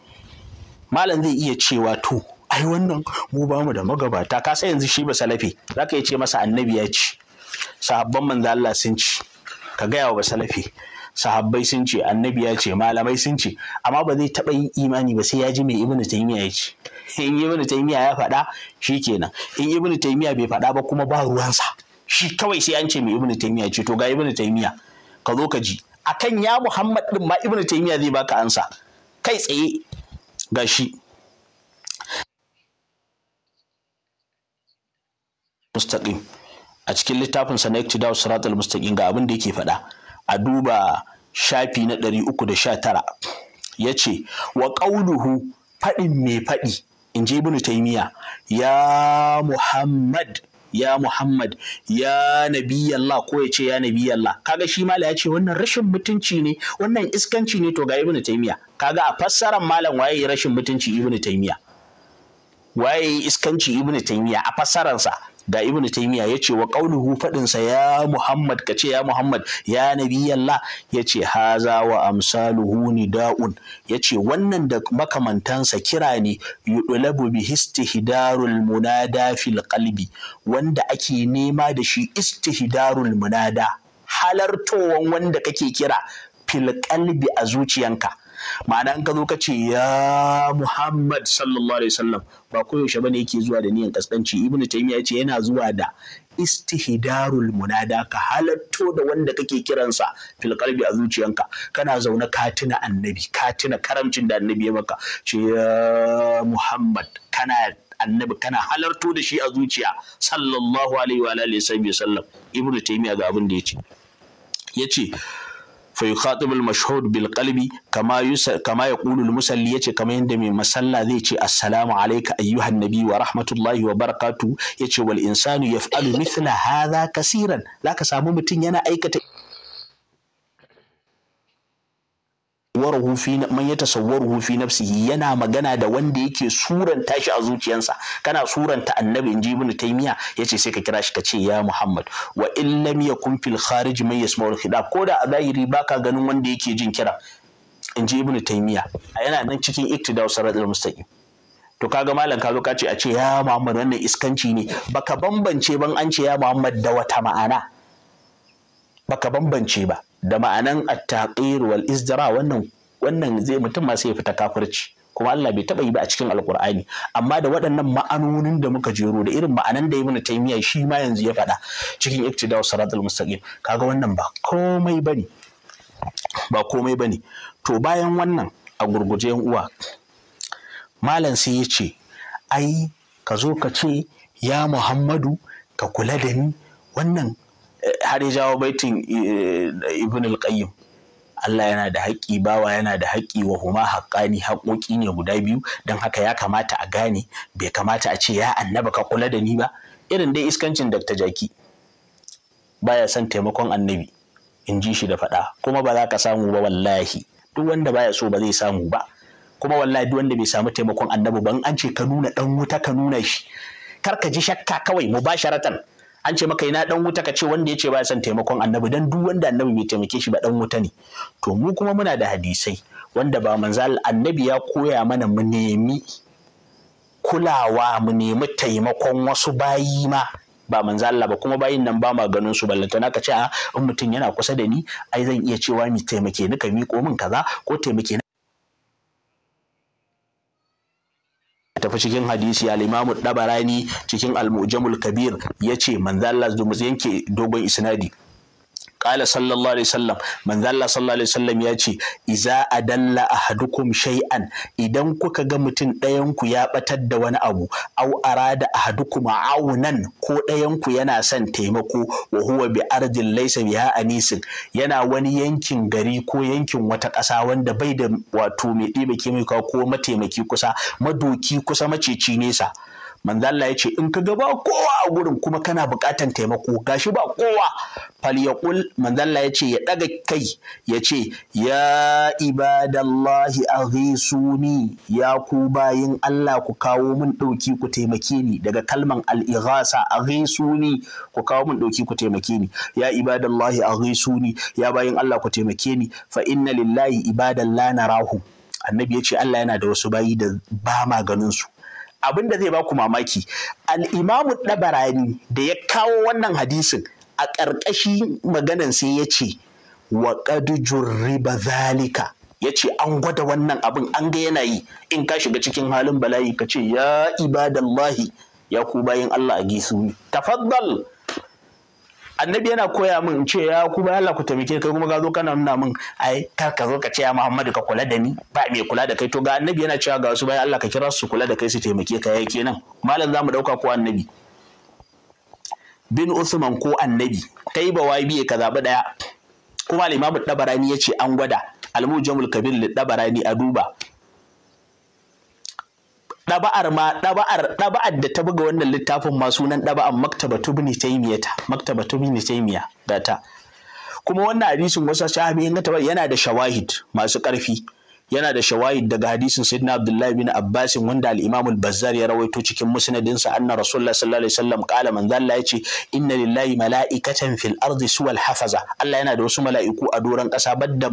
malam zai iya cewa to ai wannan mu ba mu da magabata ka sai yanzu shi ba salafi Za ka iya ce masa annabi ya ci sahabban manzo Allah sun ci ka gaya wa ba salafi sahabbai sun ce annabi ya ce malamai sun ce amma ba zai taɓa yin imani ba sai ya ji mai ibnu taymiya ya ce in ibnu taymiya ya faɗa kenan. in ibnu taymiya bai faɗa ba kuma ba ruwansa shi kawai sai an ce mai ibnu taymiya ce to ga ibnu taymiya ka zo ka ji akan ya muhammad din ma ibnu taymiya zai baka ansa kai tsaye ga shi mustaqim a cikin littafin sa na iktidau mustaqim ga abin da yake faɗa a duba shafi na ɗari da 319 ya ce wa ƙauluhu faɗin mai faɗi in ji ibnu taimiya ya muhammad ya Muhammad ya nabi Allah ko ya ce ya nabi Allah kaga shi mala ya ce wannan rashin mutunci ne wannan iskanci ne to ga Ibn taimiya kaga a fassarar malam waye rashin mutunci Ibn taimiya waye iskanci Ibn taimiya a fassararsa da ibnu taymiya yace wa qauluhu fadin sa ya muhammad kace ya muhammad ya nabiyallah yace haza wa amsaluhu nidaun yace wannan da makamantansa kira ne yudlabu bi istihdarul munada fil qalbi wanda ake nema da shi istihdarul munada halartowan wanda kake kira fil qalbi a zuciyanka ma'ana in ka zo ka ce ya Muhammad sallallahu alaihi wasallam ba koyaushe bane yake zuwa da niyan kaskanci ibnu taymiya yace yana zuwa da istihdarul munada ka halatto da wanda kake kiransa fil qalbi a zuciyanka kana zaune katina annabi katina karamcin da annabi ya maka ce ya Muhammad kana annabi kana halarto da shi a zuciya sallallahu alaihi wa alihi wasallam ibnu taymiya ga abin da ya yace yace fa yukhatibu al-mashhud bil qalbi kama yusa kama yaqulu musalli yace kama yanda mai masalla zai ce assalamu alayka ayyuhan nabi wa rahmatullahi wa barakatu" yace wal insanu yaf'alu mithla hadha kaseeran zaka samu mutum yana aikata tasawwaruhu fi man yatasawwaruhu fi nafsihi yana magana da wanda yake suran tashi a zuciyarsa kana suranta annabi inji ibnu taymiya yace sai ka kira shi ka ce ya muhammad wa in lam yakun fil kharij man yasma'ul khida ko da a zahiri baka ganin wanda yake jin kira inji ibnu taymiya yana nan cikin iktidal siratal mustaqim to kaga malam ka zo ka a ce ya muhammad wannan iskanci ne baka bambance ban an ce ya muhammad da wata ma'ana baka bambance ba da ma'anan at-taqir wal izdara wannan wannan zai mutum ma sai ya fita kafirci kuma Allah bai taba yi ba a cikin alkur'ani amma da waɗannan ma'anonin da muka jero da irin ma'anan da ya mana taimiya shi ma yanzu ya faɗa cikin iktidau siratal mustaqim kaga wannan ba komai bane ba komai bane to bayan wannan a gurguje uwa malam sai ya ce ai ka zo ka ce ya muhammadu ka kula da ni wannan eh, har ya jawo baitin eh, ibn al-qayyim Allah yana da haƙƙi bawa yana da haƙƙi wa huma haƙƙani haƙoƙi ne guda biyu don haka ya kamata a gane bai kamata a ce ya annaba ka kula da ni ba irin dai iskancin Dr. Jaki baya son taimakon annabi in ji shi da faɗa kuma ba za ka samu ba wallahi duk wanda baya so ba zai samu ba kuma wallahi duk wanda bai samu taimakon annabi ba in an ce ka nuna dan wuta ka nuna shi kar ka ji shakka kawai mu ba mubasharatan an ce maka ina dan wuta ka ce wanda ya ce ba son taimakon annabi dan duk wanda annabi bai taimake shi ba dan wuta ne to mu kuma muna da hadisai wanda ba manzal annabi ya koya mana mu nemi kulawa mu nemi taimakon wasu bayi ma ba manzo Allah ba kuma bayin nan ba ma ganin su ballanta na ka ce a in mutum yana kusa da ni ai zan iya cewa mi taimake ni ka miƙo min kaza ko taimake ni tafi cikin hadisi al-Imam Dabarani cikin al-Mujamul Kabir yace manzo Allah yanke dogon isnadi qala sallallahu alaihi wasallam manzo Allah sallallahu alaihi wasallam ya ce iza adalla ahadukum shay'an idan kuka ga mutum ɗayan ku ya batar da wani abu au arada ahadukum nan ko ɗayan ku yana son taimako wa huwa bi ardin laysa biha anisin yana wani yankin gari ko yankin wata ƙasa wanda bai da wato mai ɗebe kimika ko mataimaki kusa madoki kusa maceci nesa Manzalla ya ce in ka ga ba kowa a gurin kuma kana buƙatan taimako gashi ba kowa fal manzalla ya ce ya daga kai ya ce ya ibadallahi aghisuni ya ku bayin Allah ku kawo min dauki ku taimake ni daga kalman al-ighasa aghisuni ku kawo min dauki ku taimake ni ya ibadallahi aghisuni ya bayin Allah ku taimake ni fa inna lillahi ibadan la narahu annabi ya ce Allah yana da wasu bayi da ba ma ganin su abin da zai ba ku mamaki al-imamu dabarani da ya kawo wannan hadisin a ƙarƙashi maganan sai ya ce wa qad zalika ya ce an gwada wannan abin an ga yana yi in ka shiga cikin halin bala'i ka ce ya ibadallahi ya ku bayin Allah a gisu tafaddal annabi yana koya min ce ya ku bai Allah ku taimake kai kuma ka zo kana nuna min ai kar ka zo ka ce ya Muhammadu ka kula da ni ba mai kula da kai to ga annabi yana cewa ga wasu bai Allah ka kira su kula da kai su taimake ka yake kenan malam zamu dauka ko annabi bin Usman ko annabi kai ba wai biye ka zabi daya kuma al-Imam Dabarani yace an gwada al-Mujamul Kabir li Dabarani a duba ɗaba'ar ma ɗaba'ar ɗaba'ar da ta buga wannan littafin ma sunan ɗaba'ar maktaba tubni ta maktaba tubni taimiya data kuma wannan hadisin wasu sahabi in yana da shawahid masu ƙarfi yana da shawahid daga hadisin sayyidina abdullahi bin abbas wanda al-imam al-bazzar ya rawaito cikin musnadin sa anna rasulullah sallallahu alaihi wasallam qala man zalla yace inna lillahi mala'ikatan fil ardi al hafaza Allah yana da wasu mala'iku a doran kasa badda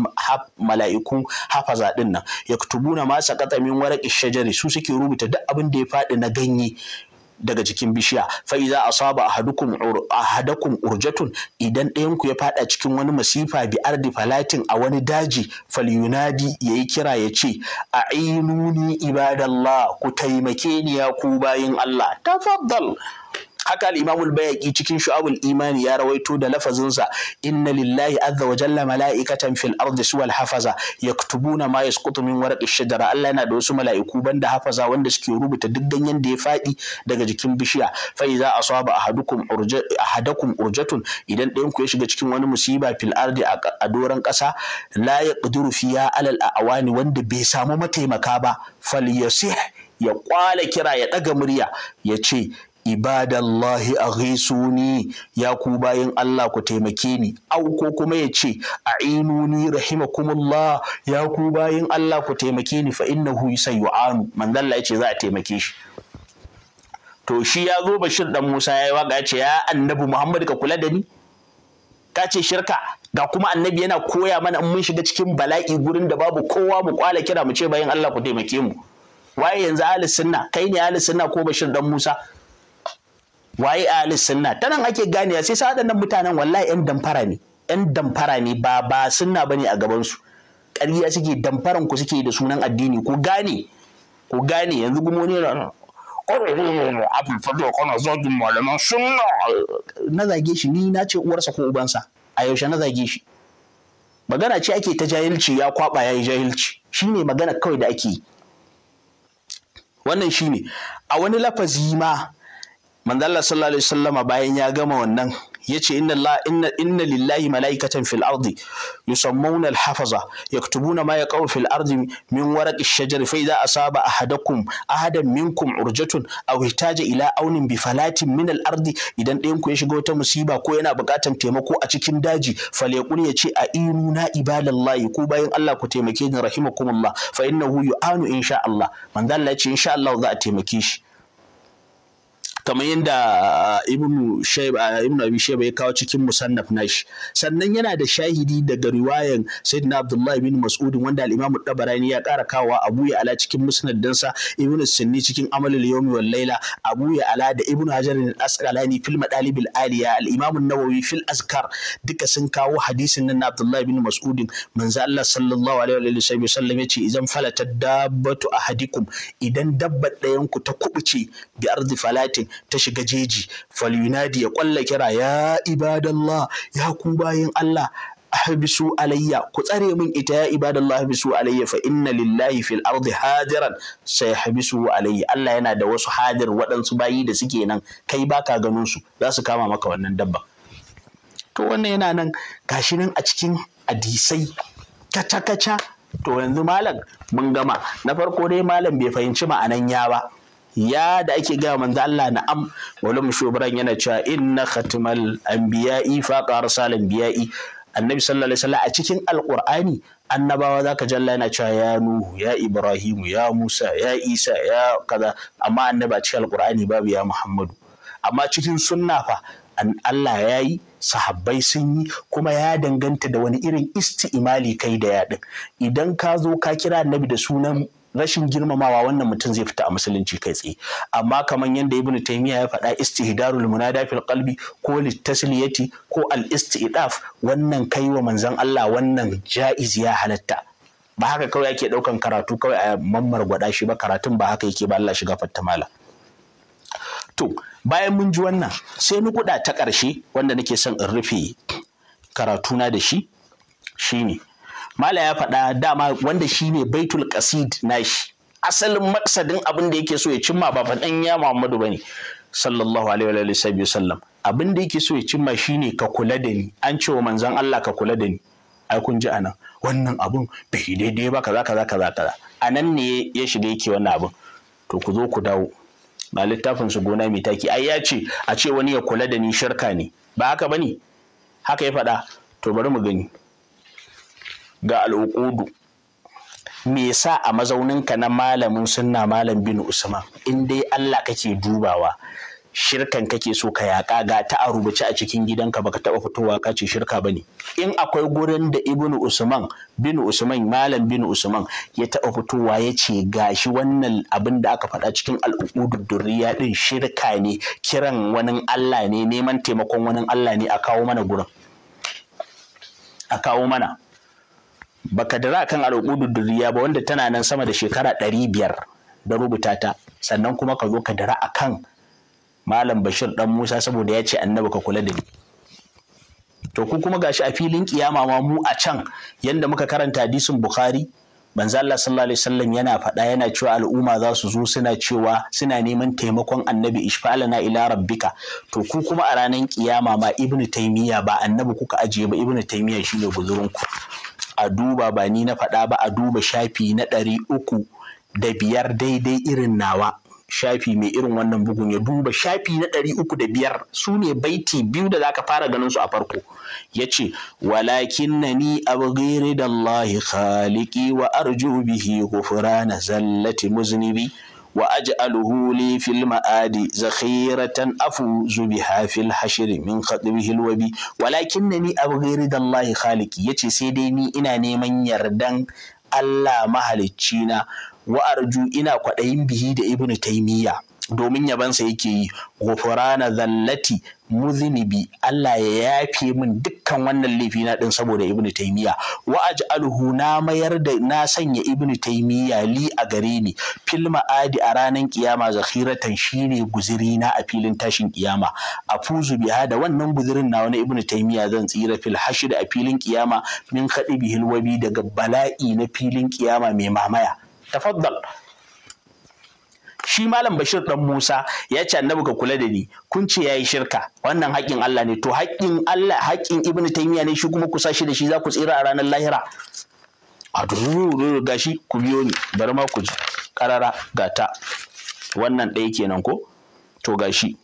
mala'iku hafaza dinnan. yaktubuna ma saqata min waraqi shajari su suke rubuta duk abin da ya faɗi na ganye daga jikin bishiya fa iza asaba ahadukum ahadakum urjatun idan ɗayan ku ya fada cikin wani masifa bi ardi falatin a wani daji falyunadi yayi kira ya ce a'inuni ibadallah ku taimake ni ya ku bayin Allah tafaddal haka al-imamul cikin shu'abul imani ya rawaito da lafazinsa inna lillahi azza wa jalla mala'ikatan fil ardi suwal hafaza yaktubuna ma yasqutu min warqi shajara Allah yana da wasu mala'iku banda hafaza wanda suke rubuta duk ganyen da ya fadi daga jikin bishiya fa idza asaba ahadukum urja ahadakum urjatun idan ɗayan ku ya shiga cikin wani musiba fil ardi a doran ƙasa la yaqdiru fiya alal awani wanda bai samu mataimaka ba falyasih ya kwala kira ya ɗaga murya ya ce ibadallahi ghisuni ya ku bayin Allah ku taimake ni au ko kuma ya ce a inuni rahimakumullah ya ku bayin Allah ku taimake ni fa innahu sayu'anu manzalla ya ce za a taimake shi to shi ya zo Bashir dan Musa yi waka yace ya annabi Muhammad ka kula da ni ka ce shirka ga kuma annabi yana koya mana in mun shiga cikin bala'i gurin da babu kowa mu kwala kira mu ce bayin Allah ku taimake mu waye yanzu ahli sunna kai ne ahli sunna ko Bashir dan Musa waye ahli sunna ta nan ake ganewa sai sa waɗannan mutanen wallahi yan damfara ne yan damfara ne ba ba sunna bane a gaban su ƙarya suke damfaran ku suke da sunan addini ku gane ku gane yanzu gumo ne abin fado kana zagin malaman sunna na zage shi ni na ce uwarsa ko ubansa a yaushe na zage shi magana ce ake ta jahilci ya kwaba yayi yi jahilci shine magana kawai da ake yi wannan shine a wani lafazi ma Allah sallallahu alaihi wasallama bayan ya gama wannan yace inna Allah inna inna lillahi malaikatan fil ardi yusammuna al hafaza yaktubuna ma yaqau fil ardi min waraq ash-shajar fa idha asaba ahadakum ahadan minkum urjatun aw ihtaja ila aunin bi falatin min al ardi idan ɗayan ku ya shiga wata musiba ko yana buƙatar taimako a cikin daji falyaqul yace a inuna ibadallahi ko bayan Allah ku taimake ni rahimakumullah fa innahu yu'anu insha Allah manzo Allah yace insha Allah za a taimake shi kamar yadda ah, ah, ibnu abi shaiba ya kawo cikin musannaf nashi sannan yana da shahidi daga riwayan sayyidina abdullahi bin mas'ud wanda al-imamu ya ƙara kawa abu ya ala cikin musnad ibnu sunni cikin amalul yawmi wal laila abu ya ala da ibnu hajar al-asqalani fil madalibil aliya al-imamu nawawi fil azkar duka sun kawo hadisin nan abdullahi bin mas'ud manzo Allah sallallahu alaihi wa sallam yace idan falata dabbatu ahadikum idan dabba ɗayan ku ta kubuce bi ardi falatin ta shiga jeji falyunadi ya kwalla kira ya ibadallah ya ku bayin Allah ahbisu alayya ku tsare min ita ya ibadallah ahbisu alayya fa inna lillahi fil ardi hadiran sayahbisu alayya Allah yana da wasu hadir waɗansu bayi da suke nan kai baka ganin su za su kama maka wannan dabba to wannan yana nan gashi nan a cikin hadisai kaca kaca to yanzu malam mun gama na farko dai malam bai fahimci ma'anan ya ba ya da ake gaya manzo Allah na'am maulama shubran yana cewa inna khatmal anbiya'i faqa arsal anbiya'i annabi sallallahu alaihi wasallam a cikin alqur'ani annabawa zaka jalla yana cewa ya nuhu ya ibrahimu ya musa ya isa ya kaza amma annabi a cikin alqur'ani babu ya muhammadu amma cikin sunna fa an Allah ya yi sahabbai sun yi kuma ya danganta da wani irin isti'imali kai da yaɗin idan ka zo ka kira annabi da sunan rashin girmamawa wannan mutum zai fita a musulunci kai tsaye amma kamar yadda ibnu taymiya ya faɗa istihdarul munada fil qalbi ko litasliyati ko al istidaf wannan kai wa manzon Allah wannan jaiz ya halatta ba haka kawai ake ɗaukan karatu kawai a mammar gwada shi ba karatun ba haka yake ba Allah shiga fatta mala to bayan mun ji wannan sai ni kuɗa ta ƙarshe wanda nake son in rufe karatuna da shi shine mala ya faɗa dama wanda shi ne baitul qasid nashi asalin maksadin abin da yake so ya cimma ba faɗan ya Muhammadu bane sallallahu alaihi wa sallam abin da yake so ya cimma shine ka kula da ni an cewa manzon Allah ka kula da ni ai kun ji anan wannan abun bai daidai ba kaza kaza kaza kaza anan ne ya shiga yake wannan abun to ku zo ku dawo ba littafin su gona mai taki ai ya ce a ce wani ya kula da ni shirka ne ba haka bane haka ya faɗa to bari mu gani ga al'ukudu, me sa a mazauninka na malamin sunna malam bin usman in dai Allah kake dubawa shirkan kake so ka yaƙa ga ta a rubuce a cikin gidanka baka taɓa fitowa ka ce shirka ba ne? in akwai gurin da ibnu usman bin usman malam bin usman ya taɓa fitowa ya ce shi wannan abin da aka faɗa cikin al'ukudur durriya ɗin shirka ne kiran wani Allah ne neman taimakon wani Allah ne a kawo mana gurin a kawo mana baka dira kan al'ukudu duriya ba wanda tana nan sama da shekara ɗari biyar da rubuta ta sannan kuma ka zo ka dira a kan malam bashir ɗan musa saboda ya ce annabi ka kula da ni to ku kuma gashi a filin kiyama ma mu a can yanda muka karanta hadisin bukhari manzo Allah sallallahu alaihi wasallam yana faɗa yana cewa al'umma za su zo suna cewa suna neman taimakon annabi ishfa'alana ila rabbika to ku kuma a ranar kiyama ma ibnu taymiya ba annabi kuka ajiye ba ibnu taymiya shine ku a duba ba ni na faɗa ba a duba shafi na ɗari uku da biyar daidai irin nawa shafi mai irin wannan bugun ya duba shafi na ɗari uku da biyar su ne baiti biyu da zaka fara ganin su a farko ya ce walakin na ni abu gairi da Allah khaliki wa arju bihi na zallati muznibi wa aj'aluhu li fil ma'adi zakhiratan afuzu biha fil hashr min khadbihi alwabi walakinnani abghiru dallahi khaliqi yace sai dai ni ina neman yardan Allah mahalicci na wa arju ina kwaɗayin bihi da ibnu taymiya domin yabansa yake yi ghufrana zallati muzinibi Allah ya yafe min dukkan wannan laifi na din saboda ibnu taymiya wa aj'aluhu na mayar da na sanya ibnu taymiya li a gare ni fil ma'adi a ranar kiyama zakhiratan shine guziri na a filin tashin kiyama afuzu biha da wannan guzirin na wani ibnu taymiya zan tsira fil hashir a filin kiyama min khadibihil wabi daga bala'i na filin kiyama mai mamaya tafaddal shi malam bashir dan musa ya ce annabi ka kula da ni kun ce yayi shirka wannan haƙƙin Allah ne to haƙƙin Allah haƙƙin ibnu taymiya ne shi kuma ku sashi da shi za ku tsira a ranar lahira a dururu gashi ku biyo ni bari ma ku ji karara gata wannan ɗaya kenan ko to gashi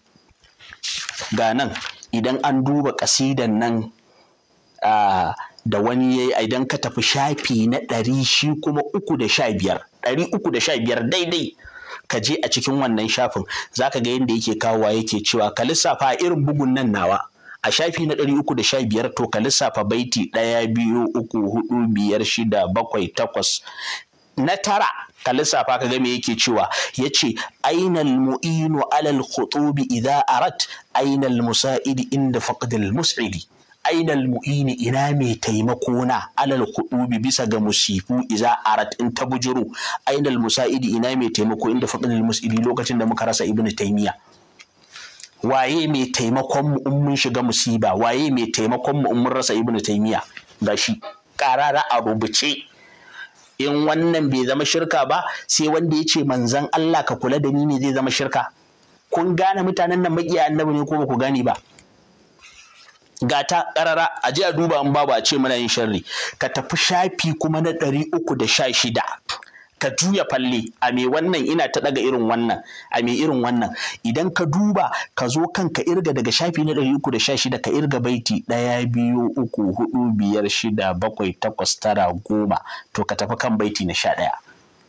ga nan idan an duba kasidan nan da wani ya yi idan ka tafi shafi na ɗari shi kuma uku da sha biyar ɗari uku da sha biyar daidai ka je a cikin wannan shafin za ka ga yadda yake kawowa yake cewa ka lissafa irin bugun nan nawa a shafi na ɗari uku da sha biyar to ka lissafa baiti ɗaya biyu uku hudu biyar shida bakwai takwas na tara ka lissafa ka game yake cewa ya yace ainal mu'inu alal khutubi idza arat ainal musa'idi inda faqdil mus'idi ainal mu'ini ina mai taimako na alal kudubi bisa ga musifu iza arat in ta bujuru ainal musa'idi ina mai taimako inda faqdul mus'idi lokacin da muka rasa ibnu taymiya waye mai taimakon mu in mun shiga musiba waye mai taimakon mu in mun rasa ibnu taymiya gashi karara a rubuce in wannan bai zama shirka ba sai wanda ya ce manzan Allah ka kula da ni ne zai zama shirka kun gane mutanen nan maƙiya annabi ne ko ba ku gane ba ga ta ƙarara a je a duba an babu a ce muna yin sharri ka tafi shafi kuma na ɗari uku da sha shida ka juya falle a me wannan ina ta ɗaga irin wannan a me irin wannan idan ka duba ka zo kan ka irga daga shafi na ɗari uku da sha shida ka irga baiti ɗaya biyu uku hudu biyar shida bakwai takwas tara goma to ka tafi kan baiti na sha ɗaya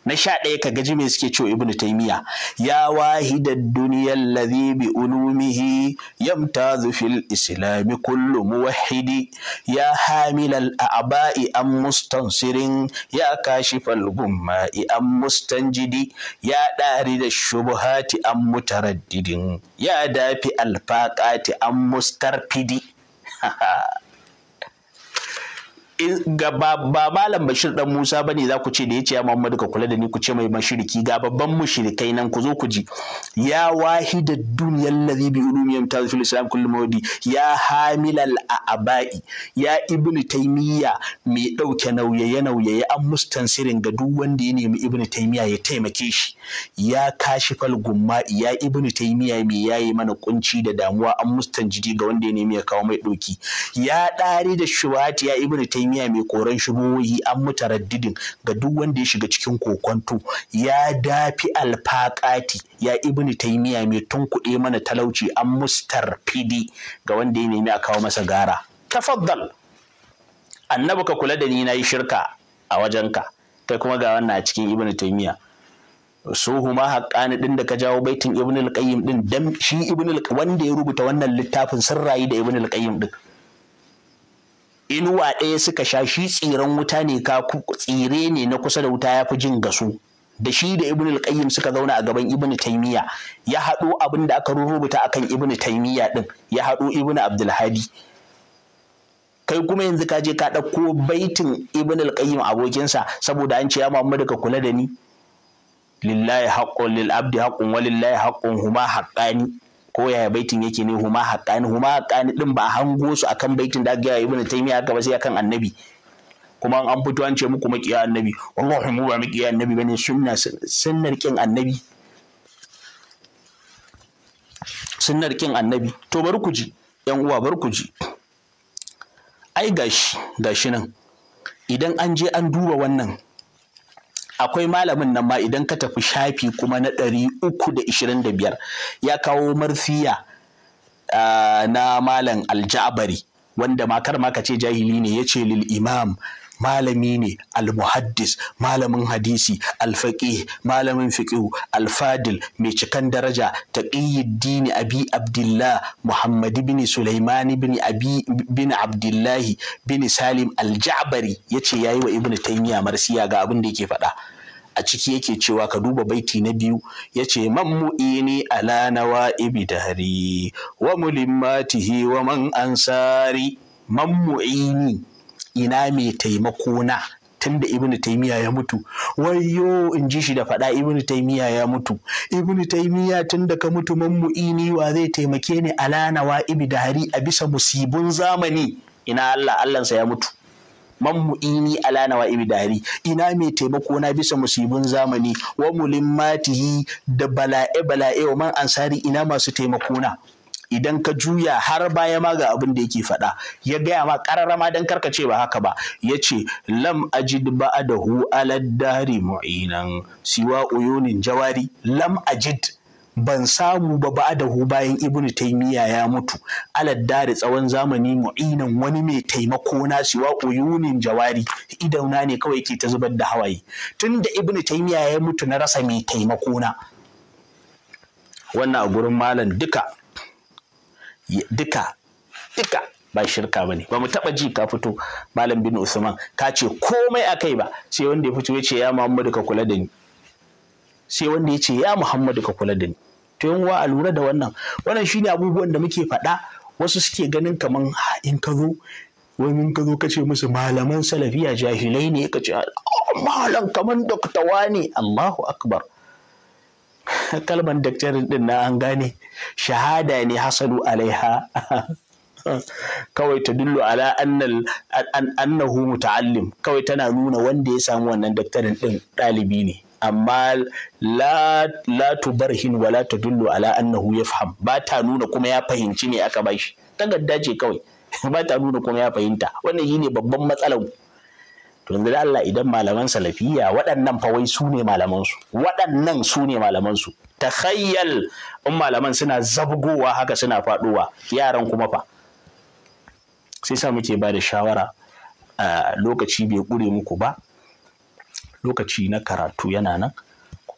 na sha ɗaya ka gaji me suke cewa ibnu taimiya ya wahidad duniyar ladhi bi ulumihi yamta zufil islami kullu muwahhidi ya hamilal a'ba'i am mustansirin ya kashifal gumma'i am mustanjidi ya ɗari da shubuhati am mutaraddidin ya dafi alfaqati am mustarfidi ba malam bashir dan musa bane za ku ce da ya ce ya muhammadu ka kula da ni ku ce mai mashiriki ga babban mushrikai nan ku zo ku ji ya wahida duniyar lazi bi ulumiyam ta fil islam kullu mawdi ya hamilal a'abai ya ibnu taimiyya mai dauke nauyaye nauyaye an mustansirin ga duk wanda ya nemi ibnu taymiya ya taimake shi ya kashi fal gumma ya ibnu taymiya mai yayi mana kunci da damuwa an mustanjidi ga wanda ya nemi ya kawo mai doki ya dari da shuwati ya ibnu taymiya kimiyya mai koran shubuwoyi an mutaraddidin ga duk wanda ya shiga cikin kokonto ya dafi alfaƙati ya ibni taimiya mai tun kuɗe mana talauci an mustar fidi ga wanda ya nemi a kawo masa gara tafaddal annabi ka kula da ni na yi shirka a wajenka kai kuma ga wannan a cikin ibnu taymiya su huma haƙƙani ɗin da ka jawo baitin ibnu al-qayyim shi ibnu wanda ya rubuta wannan littafin sun rayu da ibnu al-qayyim inuwa ɗaya suka sha shi tsiran wuta ne ka tsire ne na kusa da wuta ya fi jin gasu da shi da ibn al suka zauna a gaban ibn taymiya ya haɗo abin da aka rubuta akan ibn taymiya din ya haɗo ibn hadi kai kuma yanzu ka je ka ɗauko baitin ibn al-qayyim abokinsa saboda an ce ya Muhammadu ka kula da ni lillahi haqqun lil abdi haqqun Lillahi haqqun huma haqqani ko yaya baitin yake ne huma haqqani huma haqqani din ba hango su akan baitin da ga ibnu taymiya haka ba sai akan annabi kuma an fito an ce muku makiya annabi wallahi mu ba makiya annabi bane sunna sunnar kin annabi sunnar kin annabi to bar ku ji yan uwa bar ku ji ai gashi gashi nan idan an je an duba wannan akwai malamin nan ma idan ka tafi shafi kuma na ɗari uku da ishirin da biyar ya kawo marfiya ah, na malam aljabari wanda makar ma ka ce jahili ne ya ce lil imam malami ne almuhaddis malamin hadisi alfaƙi malamin fiƙihu alfadil mai cikan daraja taqiyuddin abi abdullah muhammad bin sulaiman bin abi bin abdullah bin salim aljabari yace yayi wa ibnu taymiya marsiya ga abin da yake faɗa a ciki yake cewa ka duba baiti na biyu ya ce man mu'ini ala nawa ibidari wa mulimmatihi wa man ansari man mu'ini ina mai taimako na tunda ibnu taimiya ya mutu wayo in ji shi da faɗa ibnu taimiya ya mutu ibnu taymiya tunda ka mutu ini wa zai taimake ni ala da hari a bisa musibun zamani ina Allah Allahnsa ya mutu mammu'ini ala da hari, ina mai taimako na bisa musibun zamani wa mulimmatihi da bala'e bala'e wa man ansari ina masu taimako na idan ka juya har baya ma ga abin da yake faɗa ya gaya ma ƙarara ma dan karkace ba haka ba ya ce lam ajid hu aladdari mu'inan siwa uyunin jawari lam ajid ban samu ba hu bayan ibn taymiya ya mutu aladdari tsawon zamani mu'inan wani mai taimako na siwa uyunin jawari idauna ne kawai ke ta zubar da hawaye tunda ibn taymiya ya mutu na rasa mai taimako na wannan a gurin malam duka duka duka ba shirka bane ba mu taba ji ka fito malam bin usman ka ce komai akai ba sai wanda ya fito ya ce ya muhammadu ka kula da ni sai wanda ya ce ya muhammadu ka kula da ni to yan wa a lura da wannan wannan shine abubuwan da muke faɗa wasu suke ganin kaman in ka zo wai mun ka zo ka ce musu malaman salafiya jahilai ne ka ce ah, malam kaman doktawa wani Allahu akbar kalman daktarin din na an gane shahada ne hasadu alaiha kawai ta dullu ala annahu muta'allim kawai tana nuna wanda ya samu wannan daktarin din ɗalibi ne amma la la tubarhin wa la tadullu ala annahu yafham ba ta nuna kuma ya fahimci ne aka bashi gadda ce kawai ba ta nuna kuma ya fahimta wannan ne babban matsalar yanzu da Allah idan malaman salafiya waɗannan fa wai su ne malamansu waɗannan su ne malamansu takhayyal in malaman suna zabgowa haka suna faɗowa yaran kuma fa sai sa muke ba da shawara lokaci bai ƙure muku ba lokaci na karatu yana nan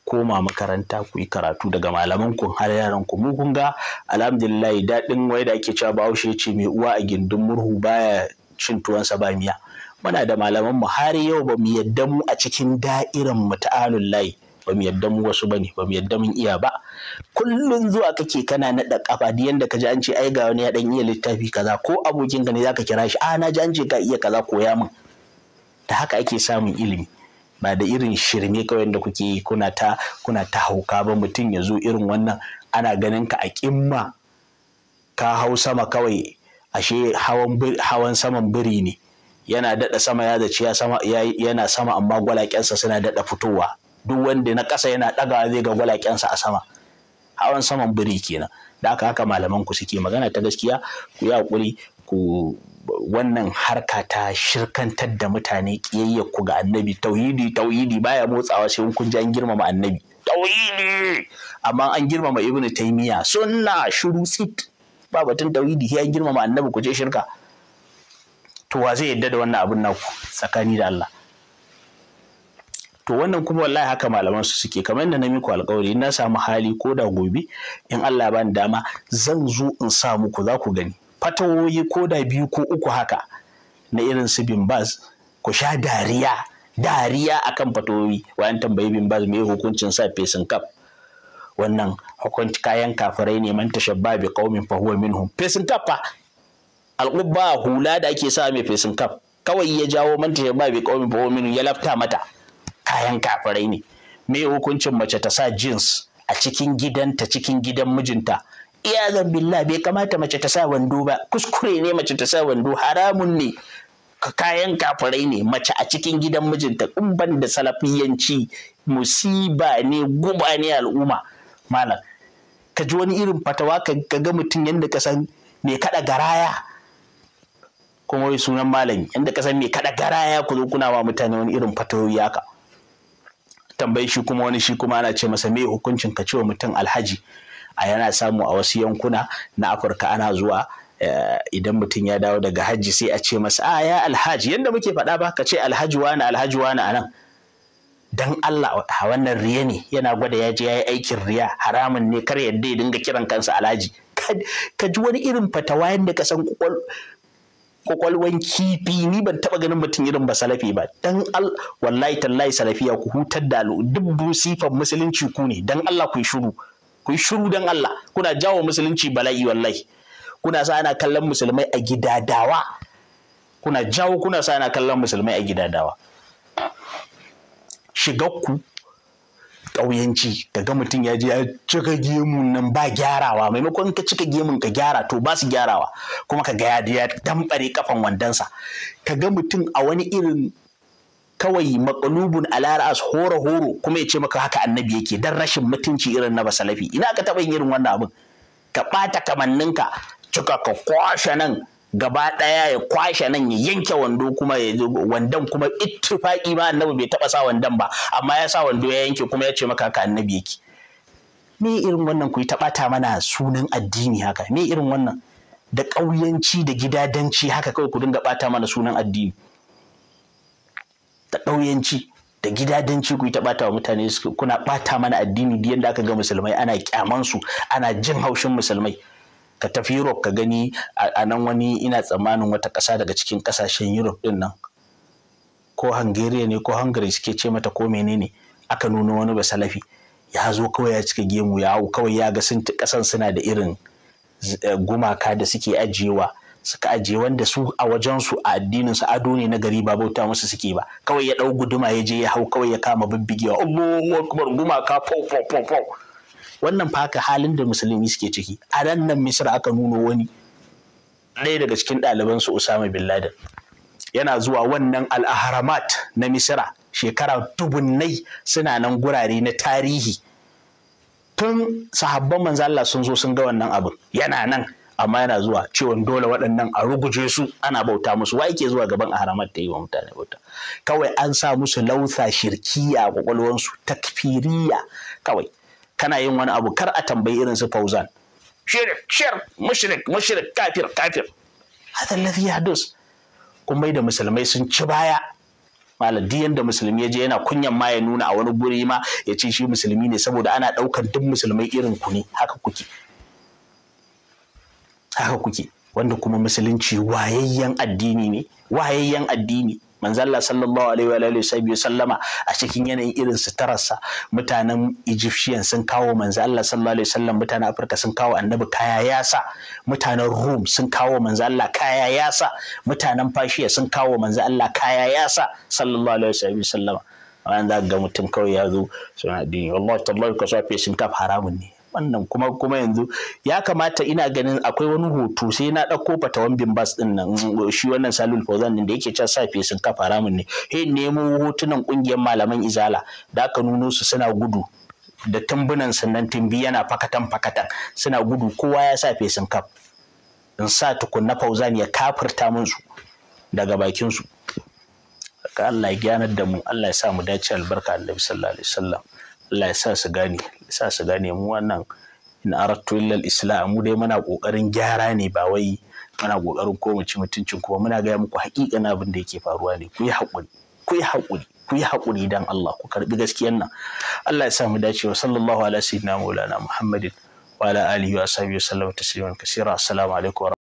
koma makaranta ku yi karatu daga malaman ku har yaran ku mu kun ga alhamdulillah daɗin wai da ake cewa bahaushe ce mai uwa a gindin murhu baya cin tuwansa ba miya muna da malaman mu har yau ba mu yadda mu a cikin da'iran mu ta layi ba mu yadda mu wasu bane ba mu yadda mun iya ba Kullum zuwa kake kana na naɗa kafa da yanda ka ji an ce ai ga wani ya dan iya littafi kaza ko abokin ka ne zaka kira shi a na ji an ce ka iya kaza koya min da haka ake samun ilimi ba da irin shirme kawai da kuke yi kuna ta kuna ta hauka ba mutum ya zo irin wannan ana ganin ka a kimma ka hau sama kawai ashe hawan saman biri ne yana daɗa sama ya zaci yana sama amma gwalaƙensa suna daɗa fitowa duk wanda na ƙasa yana ɗagawa zai ga gwalaƙensa a sama hawan saman biri kenan da haka haka malaman ku suke magana ta gaskiya ku yi hakuri ku wannan harka ta shirkantar da mutane ƙiyayyar ku ga annabi tauhidi tauhidi baya motsawa sai kun ji an girmama annabi tauhidi amma an girmama ibnu taymiya sunna shuru sit. ba batun tauhidi sai an girmama annabi ku je shirka to wa zai yadda da wannan abin naku tsakani da Allah to wannan kuma wallahi haka malaman su suke kamar yadda na miku alƙawari in na samu hali ko da gobe in Allah ba ni dama zan zo in sa muku za ku gani fatawoyi ko da biyu ko uku haka na irin su bimbas ku sha dariya dariya akan fatawoyi wayan tambayi bimbas me hukuncin sa fesin kaf wannan hukunci kayan kafirai ne man tashabbabi qaumin fa huwa minhum fesin kaf fa alƙubba hula da ake sa mai fesin kaf kawai ya jawo manta ya ba bai qaumi fa ya lafta mata kayan kafirai ne me hukuncin mace ta sa jeans a cikin gidanta cikin gidan mijinta iyadan billa bai kamata mace ta sa wando ba kuskure ne mace ta sa wando haramun ne kayan kafirai ne mace a cikin gidan mijinta in da salafiyanci musiba ne guba ne al'umma malam ka ji wani irin fatawa ka ga mutum yadda ka san mai kaɗa garaya kuma wai sunan malami inda san me kada garaya ku zo kuna wa mutane wani irin fatawoyi haka tambayi shi kuma wani shi kuma ana ce masa me hukuncin ka ce wa mutum alhaji a yana samu a wasu yankuna na afirka ana zuwa eh, idan mutum ya dawo daga hajji sai a ce masa a ah, ya alhaji yanda muke faɗa ba ka ce alhaji wani alhaji wani a nan dan Allah a wannan riya ne yana gwada ya je ya yi aikin riya haramun ne kar yadda ya dinga kiran kansa alhaji ka ji wani irin fatawa yadda ka san kwakwalwan kifi ni ban taba ganin mutum irin ba salafi ba dan al wallahi tallahi salafiya ku hutar da alu duk sifan musulunci ku ne dan Allah ku yi shiru ku yi shuru dan Allah kuna jawo musulunci bala'i wallahi kuna sa ana kallon musulmai a gidadawa kuna jawo kuna sa ana kallon musulmai a gidadawa shigar ku ƙauyanci ga mutum ya je ya cika gemun nan ba gyarawa maimakon ka cika gemun ka gyara to ba su gyarawa kuma ka gaya ga ya damɓare kafan wandonsa ga mutum a wani irin kawai makalubun alaras horo horo kuma ya ce maka haka annabi yake dan rashin mutunci irin na basalafi ina ka taɓa yin irin wannan abin ka ɓata kamanninka cika ka kwashe nan gaba ɗaya ya kwashe nan ya yanke wando kuma ya wandon kuma ittifaqi ma annabi bai taba sa wandon ba amma ya sa wando ya yanke kuma ya ce maka haka annabi yake me irin wannan ku yi taɓata mana sunan addini haka me irin wannan da ƙauyanci da gidadanci haka kawai ku dinga ɓata mana sunan addini da ƙauyanci da gidadanci ku yi ta wa mutane kuna ɓata mana addini da yadda aka ga musulmai ana kyamansu ana jin haushin musulmai ka tafi Europe ka gani a nan wani ina tsammanin wata ƙasa daga cikin ƙasashen Europe ɗin nan ko Hungary ne ko Hungary suke ce mata ko menene aka nuna wani ba salafi. ya zo kawai ya cika gemu ya hau kawai ya ga sun ƙasan suna da irin eh, gumaka da suke ajiyewa suka ajiye wanda su a wajensu a addinin su ado ne na gari ba bauta musu suke ba kawai ya ɗau guduma ya je ya hau kawai ya kama bibbigewa Allahu akbar gumaka pau pau pau pau wannan fa halin da musulmi suke ciki a nan nan misir aka nuno wani ɗaya daga cikin ɗaliban su Usama bin Laden yana zuwa wannan al'aharamat na misira shekara dubunnai suna nan gurare na tarihi tun sahabban manzo Allah sun zo sun ga wannan abin yana nan amma yana zuwa ciwon dole waɗannan a ruguje su ana bauta musu wa yake zuwa gaban ahramat ta yi wa mutane bauta kawai an sa musu lautha shirkiya a kwakwalwansu takfiriya kawai kana yin wani abu kar a tambayi irin su fauzan shirik shir mushrik mushrik kafir kafir hada lafi dus. kuma da musulmai sun ci baya malam duk musulmi ya je yana kunyan ma ya nuna a wani guri ma ya ce shi musulmi ne saboda ana ɗaukan duk musulmai irin ku ne haka kuke haka kuke wanda kuma musulunci wayayyen addini ne wayayyen addini manzalla sallallahu alaihi wa sallama a cikin yanayin irin sutararsa mutanen egyptian sun kawo manzalla sallallahu alaihi wasallam mutanen afirka sun kawo annabi kaya yasa mutanen Rome sun kawo manzalla kaya yasa mutanen fashiya sun kawo manzalla kaya yasa sallallahu alaihi wa sallama wanda ga mutum kawai ya zo suna addini wallahi tallahi ka safe sun kaf haramun ne wannan kuma kuma yanzu ya kamata ina ganin akwai wani hoto sai na ɗauko fatawan bimbas ɗin nan mm, shi wannan salul fauzan ɗin da yake can safe sun kafa ramin ne he nemo hotunan ƙungiyar malaman izala da aka nuno su suna gudu da tumbunan sannan tumbi yana fakatan fakatan suna gudu kowa ya sa fesin kaf in sa tukunna fauzan ya kafirta min su daga bakin su Allah ya gyanar da mu Allah ya sa mu dace albarka Annabi sallallahu alaihi wasallam Allah ya sa su gane sa su gane mu wannan in arattu illa islam mu dai muna kokarin gyara ne ba wai muna kokarin ko mu ci mutuncin kuma muna gaya muku haƙiƙan abin da yake faruwa ne ku yi haƙuri ku yi haƙuri ku yi haƙuri dan Allah ku karbi gaskiyar nan Allah ya sa mu dace wa sallallahu alaihi wa sallam muhammadin wa ala alihi wa sahbihi wa sallam tasliman kaseera assalamu alaikum